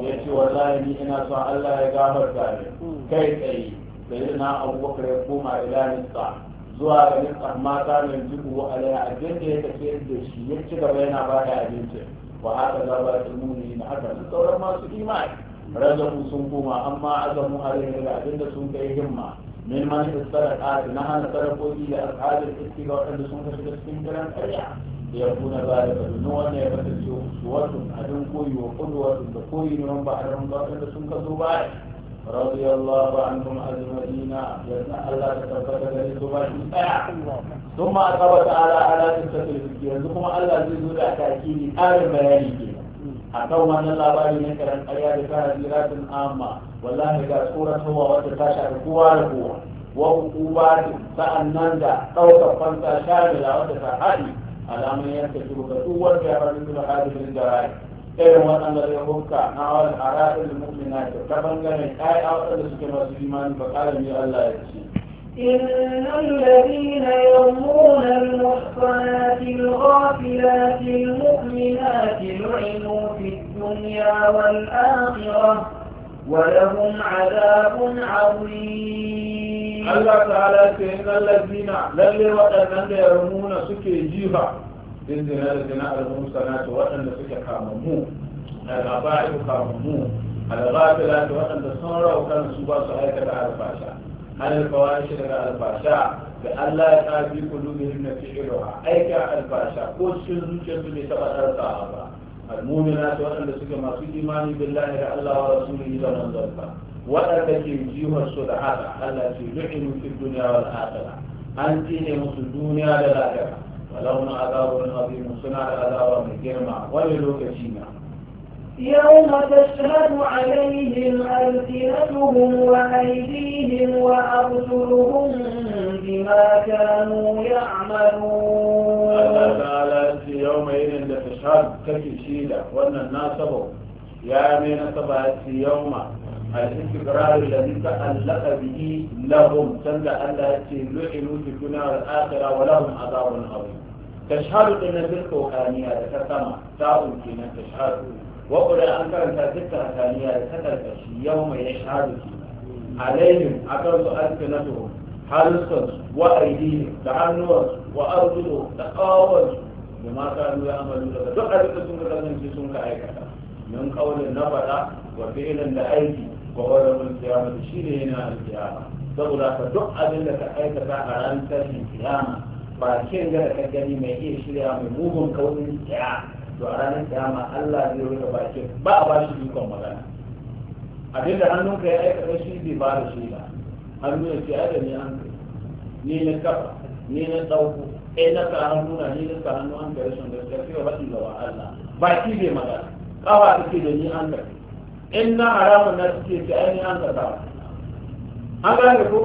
Ya ce wallahi ni ina son Allah ya gafarta ni hmm. kai tsaye. Sai na abubakar ya koma ila nisa. zuwa ga nisa mata mai jibu wa alaya abinda ta tafi da shi ya ci gaba yana ba da abinci. wa haka zaba da muni na haka da sauran masu imani رجموا سنكما أما عزموا عليه إلى أجند سنك إهما من من استرق آت نها نترقوا إلى أرحاد الاتفاق عند سنك شدستين كلام أجع يكون ذلك بنوع نيبة سيوم سوة أجن كوي وقدوة بكوي نوم بحر رمضة عند سنك دوباي رضي الله عنهم أجمعين يسنع الله تتفقد لدي دوباي ثم أتبت على على تسكت الفكير ثم الله زيزو لأتاكيني أرمانيكي a kan wannan labari na karan karya da kana ziratin amma wallahi ga tsoron hawa wata ta shafi kowa da kowa wa hukuma sa'annan da ɗaukar fanta shamila wata ta haɗi alamun yanka shuru ga duk wanda ya faru da hadisin jara'i irin waɗanda zai hukka na wani harafin mu'mina ta bangaren ƙai'a waɗanda suke masu imani ba ƙarin yi Allah ya ce إن الذين يرمون المحصنات الغافلات المؤمنات لعنوا في الدنيا والآخرة ولهم عذاب عظيم الله تعالى إن الذين للي وأن يرمون سكي جيفا إن الذين المحصنات وأن سكي كاممو الغفائل كاممو الغافلات وأن سنروا كان سبا سهيكة على الفاشا عن الفواحش daga الفحشاء لألا يقع في قلوبهم نفعلها أي كالفحشاء كل شيء zuciyar su bai taɓa ɗarsawa ba ta waɗanda suke masu imani billahi da Allah wa rasulihi da manzonsa waɗanda ke jihar su da haka Allah ce lu'inu fi duniya wal akhirah an tsine musu duniya da lahira walau na azabun azim suna da azaba mai girma wani lokaci na يوم تشهد عليهم ألسنتهم وأيديهم وأرجلهم بما كانوا يعملون الله تعالى يومئذ لتشهد تكشيدة وأن الناس يا من سبعة يوم الاستقرار الذي تألق به لهم سند ألا لعنوا في الدنيا الآخرة ولهم عذاب عظيم تشهد إن بالقرآنية تسمى تعود كنا تشهد وقرأ أن كانت ستة ثانية لكتر كشي يوم يشهد عليهم أكرت ألسنتهم حرصت وأيديهم تعنوت وأرجلهم تقاوت بما كانوا يعملون فدق لك سنك تنسي سنك من قول النبرة وفعل لأيدي وقول من القيامة شيء هنا القيامة saboda ka duk abin da ka aikata a ranar tashin kiyama ba kin ga ka gani mai iya shirya to a ranar kiyama Allah zai rufe bakin ba a bashi ikon magana abin da ka ya aikata shi bai ba da shi ba hannun ya ce ai da ni an kai ni na kafa ni na dauko eh na ka hannu na ni na ka hannu an kai sun gaskiya sai ba shi gaba Allah baki bai magana kafa take da ni an ka in na haramun na suke ce ai ni an kasa an ne ko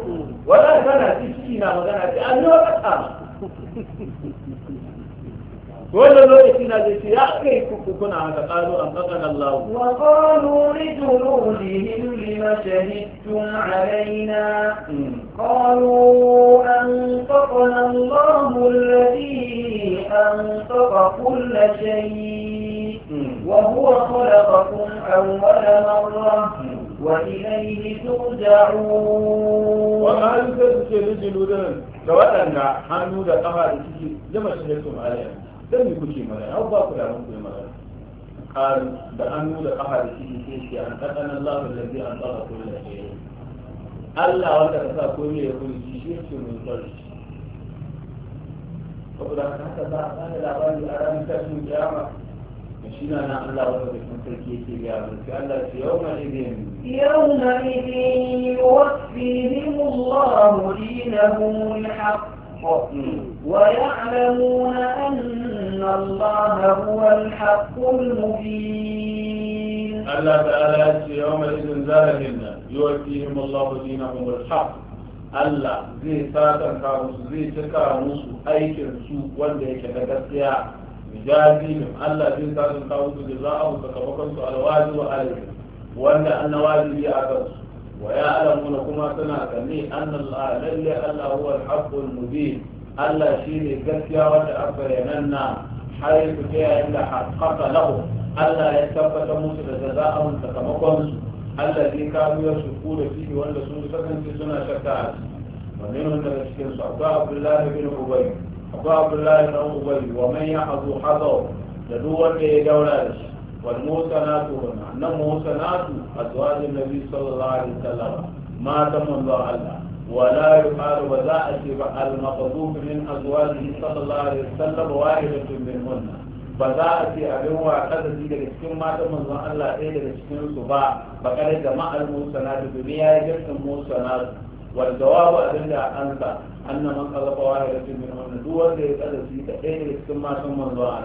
wala kana ciki na magana ce an yi wa kasa dole lokaci na zai ya kai kuku kuna haka ƙalu an ƙaƙan Allah. Wa ƙalu li juludihim lima shahidtum alaina. Ƙalu an ƙaƙan Allah alladhi an ƙaƙa kulla shay. Wa huwa khalaqakum awwala marra. وإليه ترجعون وقالوا كذلك لجلودنا لو أن حانوا لقها لكي لما شهدتم عليها zan yi kuke magana an ba ku da abin ku magana ƙarin da hannu da ƙafa da ciki sai ce an ƙaƙanan lafin da zai an tsara ko da ke Allah wanda ka sa ko ya kuri shi shi mun tsari saboda haka za a bani labari a ranar tashin kiyama مشينا أنا على وجه التركية اليابان فألا في يومئذ يومئذ يوفيهم الله دينهم الحق الحق ويعلمون أن الله هو الحق المبين الله تعالى يومئذ زالهن يؤتيهم الله دينهم الحق Allah zai satanta musu zai cika musu aikinsu wanda yake na gaskiya jazilin Allah zai satanta musu da za a musu kamakon su alwazi wa alaihi wanda annawazi ya a kansu ويعلمون كما سنة كمي أن الأعلل ألا هو الحق المبين ألا شيني كثيا وتأفرننا حيث كي إلا حقق له ألا يتفت موسى جزاء من تتمكن الذي كانوا يشكون فيه وأن سنة سكن في سنة شكاة ومنهم تشكين صعباء بالله الله بن عبيد عبد الله بن عبيد ومن يحظ حظه لدوة دولة والموسنات هنا أن موسنات أزواج النبي صلى الله عليه وسلم ما تم الله ولا يقال وذاك المقذوف من أزواجه صلى الله عليه وسلم واحدة منهن فذاك هو أخذ ذيك الاسكين ما تم الله إيه الاسكين سباع فقال جماع الموسنات الدنيا يجب الموسنات والجواب أدل أنت أن من قذف واحدة منهن دول يقال ذيك إيه الاسكين ما تم الله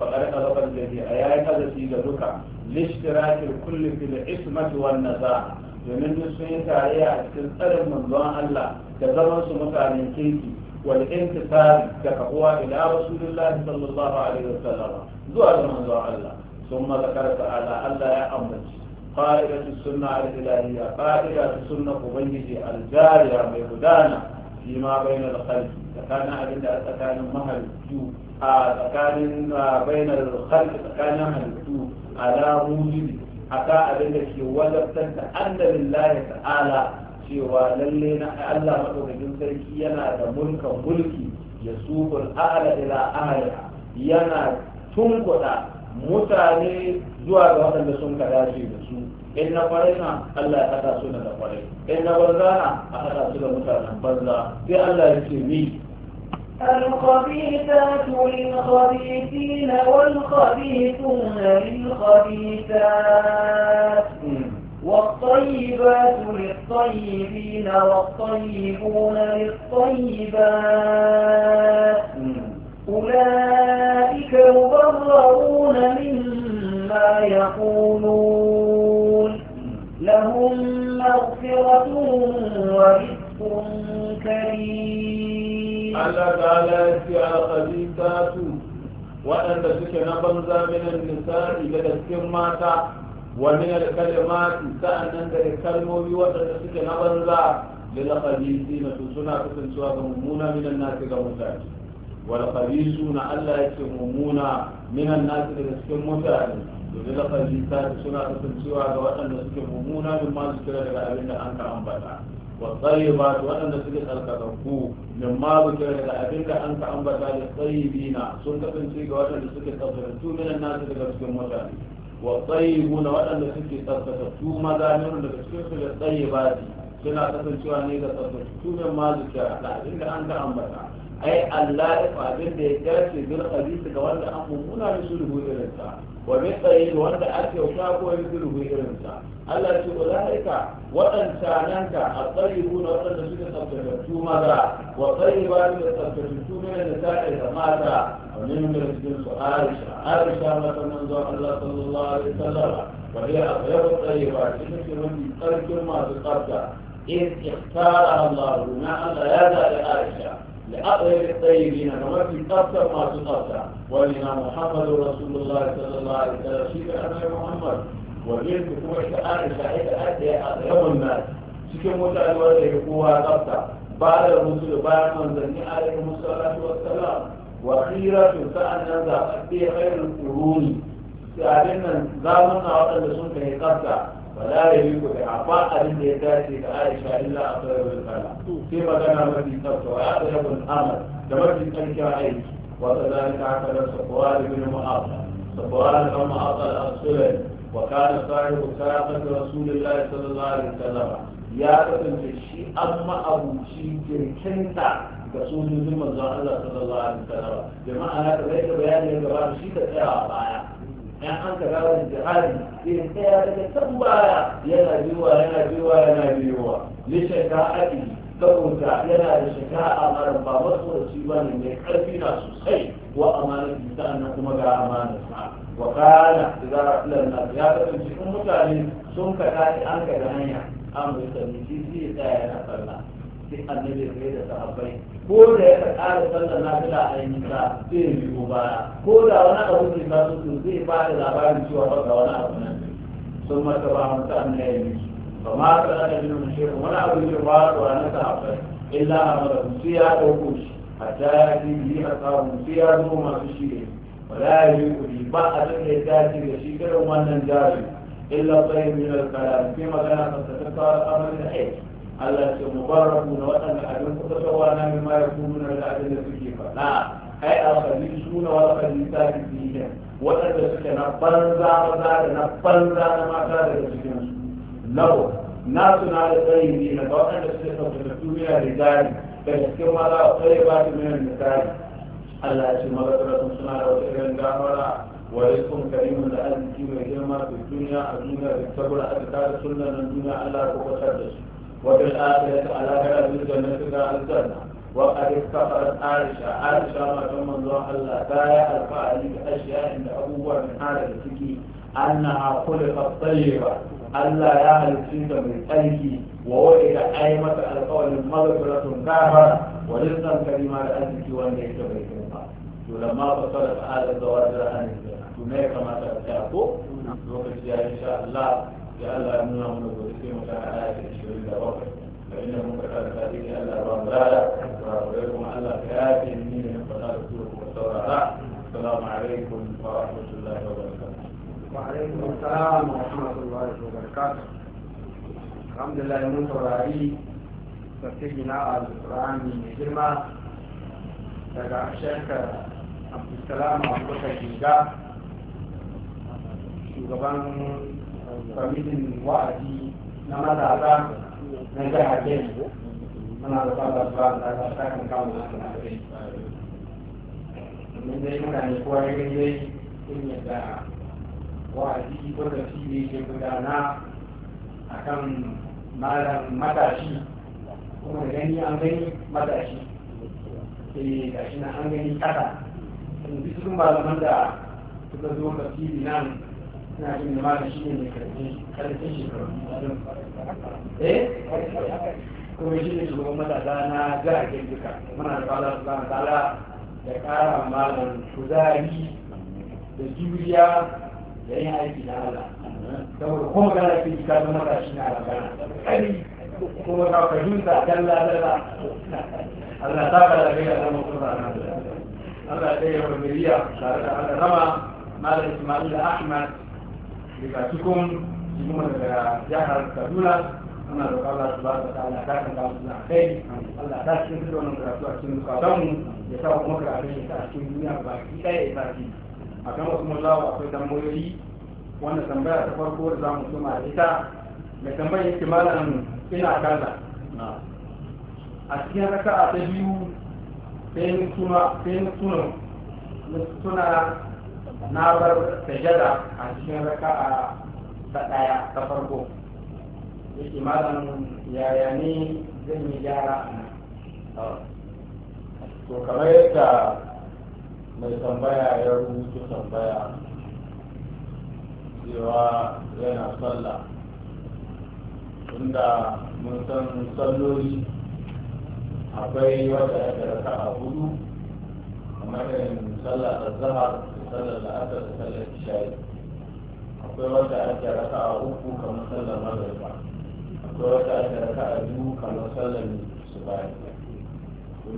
فقد خلق الجميع يا هذا في ذلك لاشتراك الكل في العصمة والنزاهة ومن duk sun yi من a cikin tsarin manzon Allah da zaman su mutanen kirki wal intisar da kahuwa ila ثم ذكر تعالى ألا يا قائلة السنة الإلهية قائلة السنة أبنجي الجارية بهدانا فيما بين الخلق فكان أبدا أتكان مهل جود a tsakanin bainar halki tsakanin halittu ala a ka abin da ke wadatar da annabin lahi ta'ala cewa lalle na Allah madaukakin sarki yana da mulkan mulki ya sukul a'la ila a'la yana tunkuda mutane zuwa ga waɗanda sun ka dace da su in na kwarai na Allah ya haɗa su da kwarai in na banza na a haɗa su da mutanen banza sai Allah ya ce ni الخبيثات للخبيثين والخبيثون للخبيثات والطيبات للطيبين والطيبون للطيبات أولئك مبررون مما يقولون لهم مغفرة ورزق كريم Allah ta'ala ya ce al-khabithatu waɗanda suke na banza minan nisa'i daga cikin mata wa min al-kalimati sa'annan da kalmomi waɗanda suke na banza lil khabithina to suna kasancewa ga mummuna minan nasi ga mutane wal khabithuna Allah ya ce mummuna minan nasi daga cikin mutane to lil khabithatu suna kasancewa ga waɗanda suke mummuna min ma su kira daga abin da an ka ambata wasai ba waɗanda suke tsarkakanku min ma bu da abinda an ka ambata da tsayi bina sun kasance ga waɗanda suke tsarkakanku minan nasu daga cikin mutane wasai na waɗanda suke tsarkakanku maza minan daga cikin da tsayi ba su suna kasancewa ne da tsarkakanku min ma bu kira da abinda an ka ai Allah ya abinda ya kira ce zurfa bisa ga wanda an mummuna da su rubuta da ta wa mithlihi wanda ake sha ko mithluhu irin sa Allah ce ulaika wadannan ka at-tayyibuna wadanda suke tsaftatattu maza wa tayyibatu da tsaftatattu ne da sa'i da mata wannan ne da cikin su Aisha Aisha mata manzo Allah sallallahu alaihi wasallam wa hiya atyabu tayyibat ita ce mafi tsarkin masu tsafta in ikhtara Allah na Allah ya zaɓi Aisha لأطهر الطيبين كما في قصة ما تقصى ولنا محمد رسول الله صلى الله عليه وسلم شكرا أنا محمد وجدت كما اشتعان شاهد أدي أطهر الناس شكرا متعد وزي قوة قصة بعد الرسول بعد من ذني عليه الصلاة والسلام وخيرة سألنا ذا أدي خير القرون سألنا ذا من أعطى لسنة قصة ولا يليق بعطاء اليدات لعائشة إلا أطيب الخلق في مكان مجلس الصوت وأطيب الأمر كمجلس الكائن وكذلك عقد صفوان بن معاطى صفوان بن معاطى الأصلي وكان صاحب ساقة رسول الله صلى الله عليه وسلم يا كتن الشيء أما أبو شيء كنتا رسول الله صلى الله عليه وسلم جماعة هذا ليس بيان يدرى شيء تتعب in an ka gawo jihadi in tsaya daga can baya yana biyuwa yana biyuwa yana biyuwa ya shaka aki saboda yana da shaka a marar ba wasu da shi ba ne mai karfi na sosai wa amanar sa'annan kuma ga amanar sa wa kana da zara filan na ya kasance in mutane sun kaɗa an kaɗa hanya an bai sami shi ya tsaya yana sallah duk annabi kai da sahabbai ko da ya ƙara sallar nafila a yin sa zai biyo baya ko da wani abu zai ba su zai ba da labarin cewa ba ga wani abu nan sun mata ba mu ta annabi ya miki ba ma ka da annabi mun shi wani abu zai ba da na sahabbai illa amara su ya dauko shi hatta ya ji bi asabu su ya zo masu shirye wala ya yi ba a da ya dace da shi irin wannan jari illa tsayin min al-kalam sai magana ta tattara amarin aiki Allah ce mubaraku na waɗanda abin kuka sauwa na min ma ya kuma na da abin da suke faɗa ai alfani suna wa alfani ta bibiyan waɗanda suke na banza maza da na banza na mata da cikin su lawo na suna da tsayi ne na ga waɗanda suke sauƙaƙa duniya da gari da cikin maza a tsaye ba su mai misali Allah ya ce maza sun suna da wata irin gamara ورزقهم كريم لأهل الدين والجنة في الدنيا الدنيا بالصبر أتكار سنة الدنيا ألا تقصد وفي الآخرة على غير الجنة الجنة وقد افتقرت عائشة عائشة ما تم الله ألا بايع الفاعل بأشياء عند أبوه من حالة الفكي أنها خلقت طيبة ألا يعمل فيك من أيدي ووئد حيمة القول مغفرة كافرة ولسنا كريما لأنك وأن يكتبك ولما فصلت هذا الزواج عن الزنا هناك ما تأتيكم نعم. نخرج إن شاء الله لئلا يمنع من الوزير مكان آية الشريف فإنه كتاب ذلك ألا رمضان وأخبركم ألا كافي من قتال السوق والسورة السلام عليكم ورحمة الله وبركاته وعليكم السلام ورحمة الله وبركاته الحمد لله من saurari tafsirina al-Qur'ani mai girma daga shekar Abdulsalam Abubakar Giga shugaban kwamitin wa'azi na matasa na jihar Benue muna da fata zuwa ba da ta ta kan kawo na suna da domin dai ne kowa ya gani dai sun yadda wa'azi ko da shi ne ke gudana a kan malam matashi kuma da gani an gani matashi sai eh, ga shi na an gani kasa sun bi sun ba zaman da suka zo tafsiri nan kuma shi ne shugaban matasa na jiragen duka muna da fara su kan tsara da kara malam kuzari da juriya da yin aiki da Allah saboda kuma kana fi jika da matashi na ragana kari kuma ka fahimta dalla dalla Allah ta ka da kai da zama kuma na Allah ta yi wa miliya tare da Allah rama malam Ismail Ahmad daga cikin jimma daga jihar kaduna ana da Allah su ba ta Allah ta kan kawo suna kai Allah ta cikin duk wannan karatu a cikin kwatanmu ya sa kuma karatu ya sa a cikin duniya baki ɗaya ya zafi a kan wasu mazawa akwai tambayoyi wanda tambaya ta farko da za mu suma da ita da tambayar yake malam ina kaza a cikin raka'a ta biyu sai ni suna sai ni suna na bar sajada a cikin raka'a ta ɗaya ta farko yake malam yaya ne zan yi gyara a nan to kamar yadda mai tambaya ya rubuta tambaya cewa yana sallah tunda mun san salloli akwai wata ya raka'a hudu kamar yin sallah da zahar sallar da aka da sallar isha'i akwai wata ake raka a uku kamar sallar magariba akwai wata ake raka a biyu kamar sallar su bayan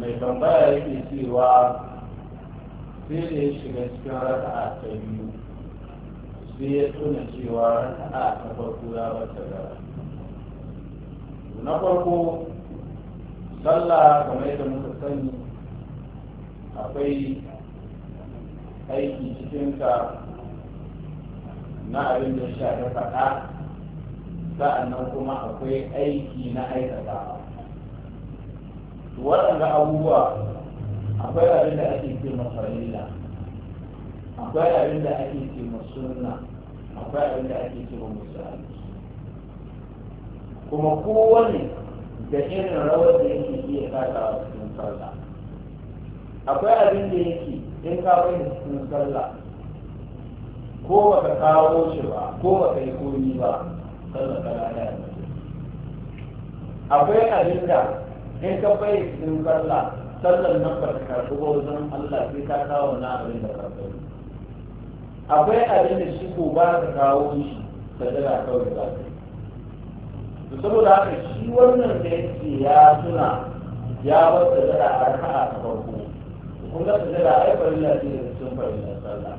mai tambaya yake cewa sai da ya shiga cikin raka a ta biyu sai ya tuna cewa a ta farko ya bata gara na farko sallah kamar yadda muka sani akwai aiki cikinsa na abin da ya shafi faɗa sa'annan kuma akwai aiki na aikata waɗanda abubuwa akwai abin da ake ce mafarila akwai abin da ake ce masunna akwai abin da ake ce musali kuma kowane da irin rawar da yake iya kasa cikin sallah akwai abin da yake in ka bai da cikin sallah ko ba ka kawo shi ba ko ba ka yi komi ba sallah ta lada akwai abin da in ka bai cikin sallah sallar nan ba ta karɓi ba wajen Allah sai ka kawo na abin da karɓi akwai abin da shi ko ba ka kawo shi da daga kawai za ka yi saboda haka shi wannan da yake ya tuna ya bar da daga a ta farko kun ga su a yi bari na da sun bari na sallah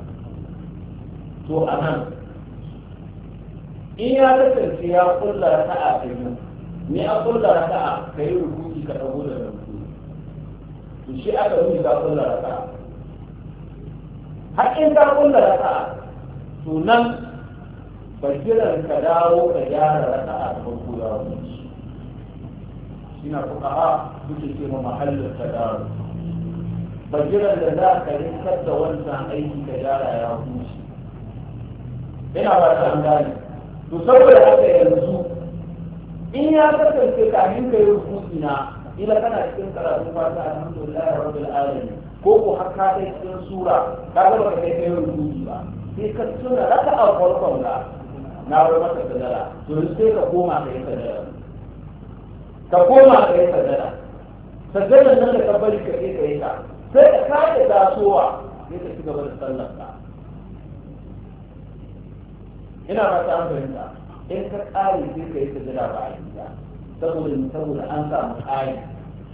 to a nan in ya kasance ya kulla raka'a ta biyu ni a kulla raka'a ka yi rubuci ka dago da rubuci to shi aka yi ka kulla ta har in ka kulla ta to nan bajiran ka dawo ka gyara raka'a ta farko ya wuce shi na kuka ha duke ce ma mahallin ta dawo bajiran da za ka rinkar da wannan aiki ka gyara ya huce ina ba ta an gane to saboda haka yanzu in ya kasance ka yi rubutu na ila kana cikin karatun fata alhamdulillah rabbil alamin ko ko har ka kai cikin sura ka ga ba kai kai rubutu ba sai ka tuna raka a farkon da na wani masa sadara to sai ka koma ka yi sadara ka koma ka yi sadara sadara nan da ka bari ka yi ka yi ka. sai da kare tasowa suwa ka ci gaba da sallar ka ina ba ta fahimta in ka kare sai ka yi sajada ba a gida saboda saboda an samu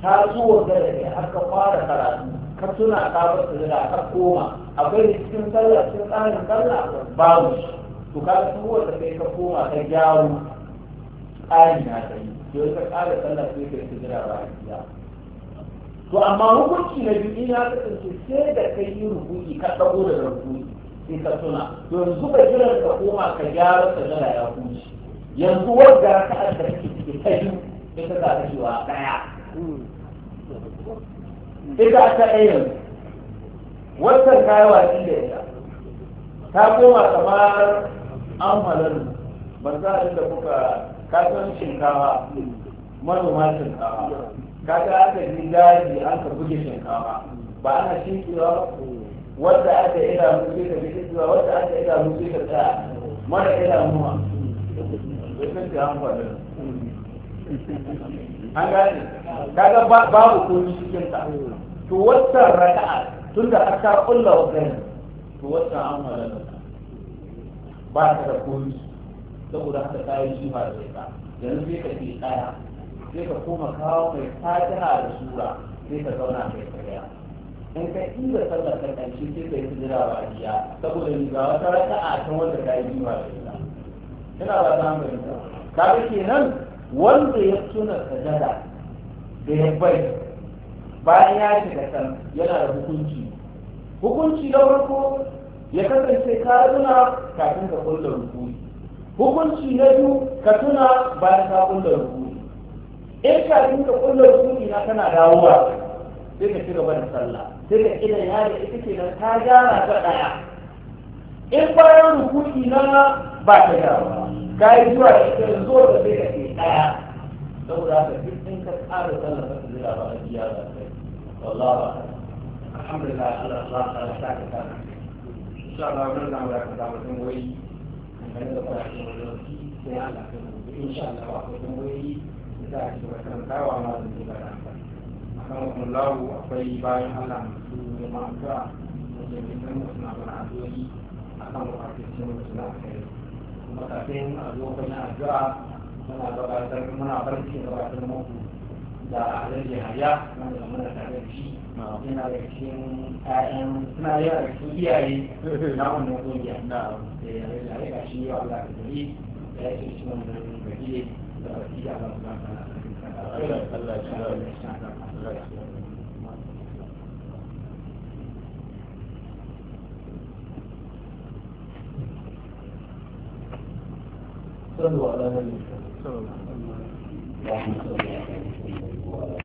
kare zuwa da ne har ka fara karatu ka tuna ka bar sajada har koma akwai cikin sallar cikin tsarin sallah babu shi to ka ga da kai ka koma ka gyaru tsari na ta yi yau ka kare sallah sai ka yi sajada ba a gida to amma hukunci na biyu ina ka sai da kai yi rubuki ka tsago da rubuki sai ka tuna to yanzu ka jira ka koma ka gyara ka sajada ya hukunci yanzu wanda ka da kake ciki ta biyu ita za ta wa daya ita ta ɗaya yanzu wannan kayan watsi da ita ta koma kamar an halar ba za a inda kuka kasan shinkawa manoma shinkawa kaga aka yi daji an ka buge shinkafa ba ana shinkewa ba wadda aka yi da mutu ka bi shinkewa wadda aka yi da mutu ka ta mara yi da muwa sai ka an faɗa an gane kaga babu komai cikin ta to wannan raka'a da aka kulla wannan to wata an faɗa ba ta da kun saboda haka ta shi ba da yanzu sai ka tsaya sai ka koma kawo mai fatiha da sura sai ka zauna kai tsaya in ka inda sallar ka kanci sai ka yi sujira ba a saboda ni ba wata a ta wanda ka yi ba da ita ina ba ta hankali ba kaga kenan wanda ya tuna sajada da ya bai bayan ya shiga kan yana da hukunci hukunci da farko ya kasance ka tuna kafin ka kulla rukuni hukunci na biyu ka tuna bayan ka kulla rukuni in ka dinka kullum rukuni na tana dawowa sai ka ci gaba da sallah sai ka ina ya da ita ke nan ta gyara ta daya in bayan rukuni na ba ta gyara ka yi zuwa da ita yanzu da sai ka ce daya saboda haka duk in ka tsara sallah ka tsira ba a biya ba sai wallahi ba alhamdulillah Allah Allah ta sa ka ta insha Allah mun da mu da ka mu tambayi mun da fara mu da shi sai Allah insha Allah ba ku tambayi da ake wasantawa ma da zuba da akan wallahu akwai bayan allah masu neman addu'a da ke nisan suna mana addu'o'i akan wakilcin mutum na kai kuma kafin a zo kan addu'a muna gabatar muna barci gabatar muku da alaji haya wanda da muna tare da shi yana da cikin ƴaƴan suna yi da cikin iyaye na wannan kungiya da ya ga shi yau Allah ka gari ya ce cikin wannan gari da wasiya ba su ba صلوا على نبينا صلى الله عليه وسلم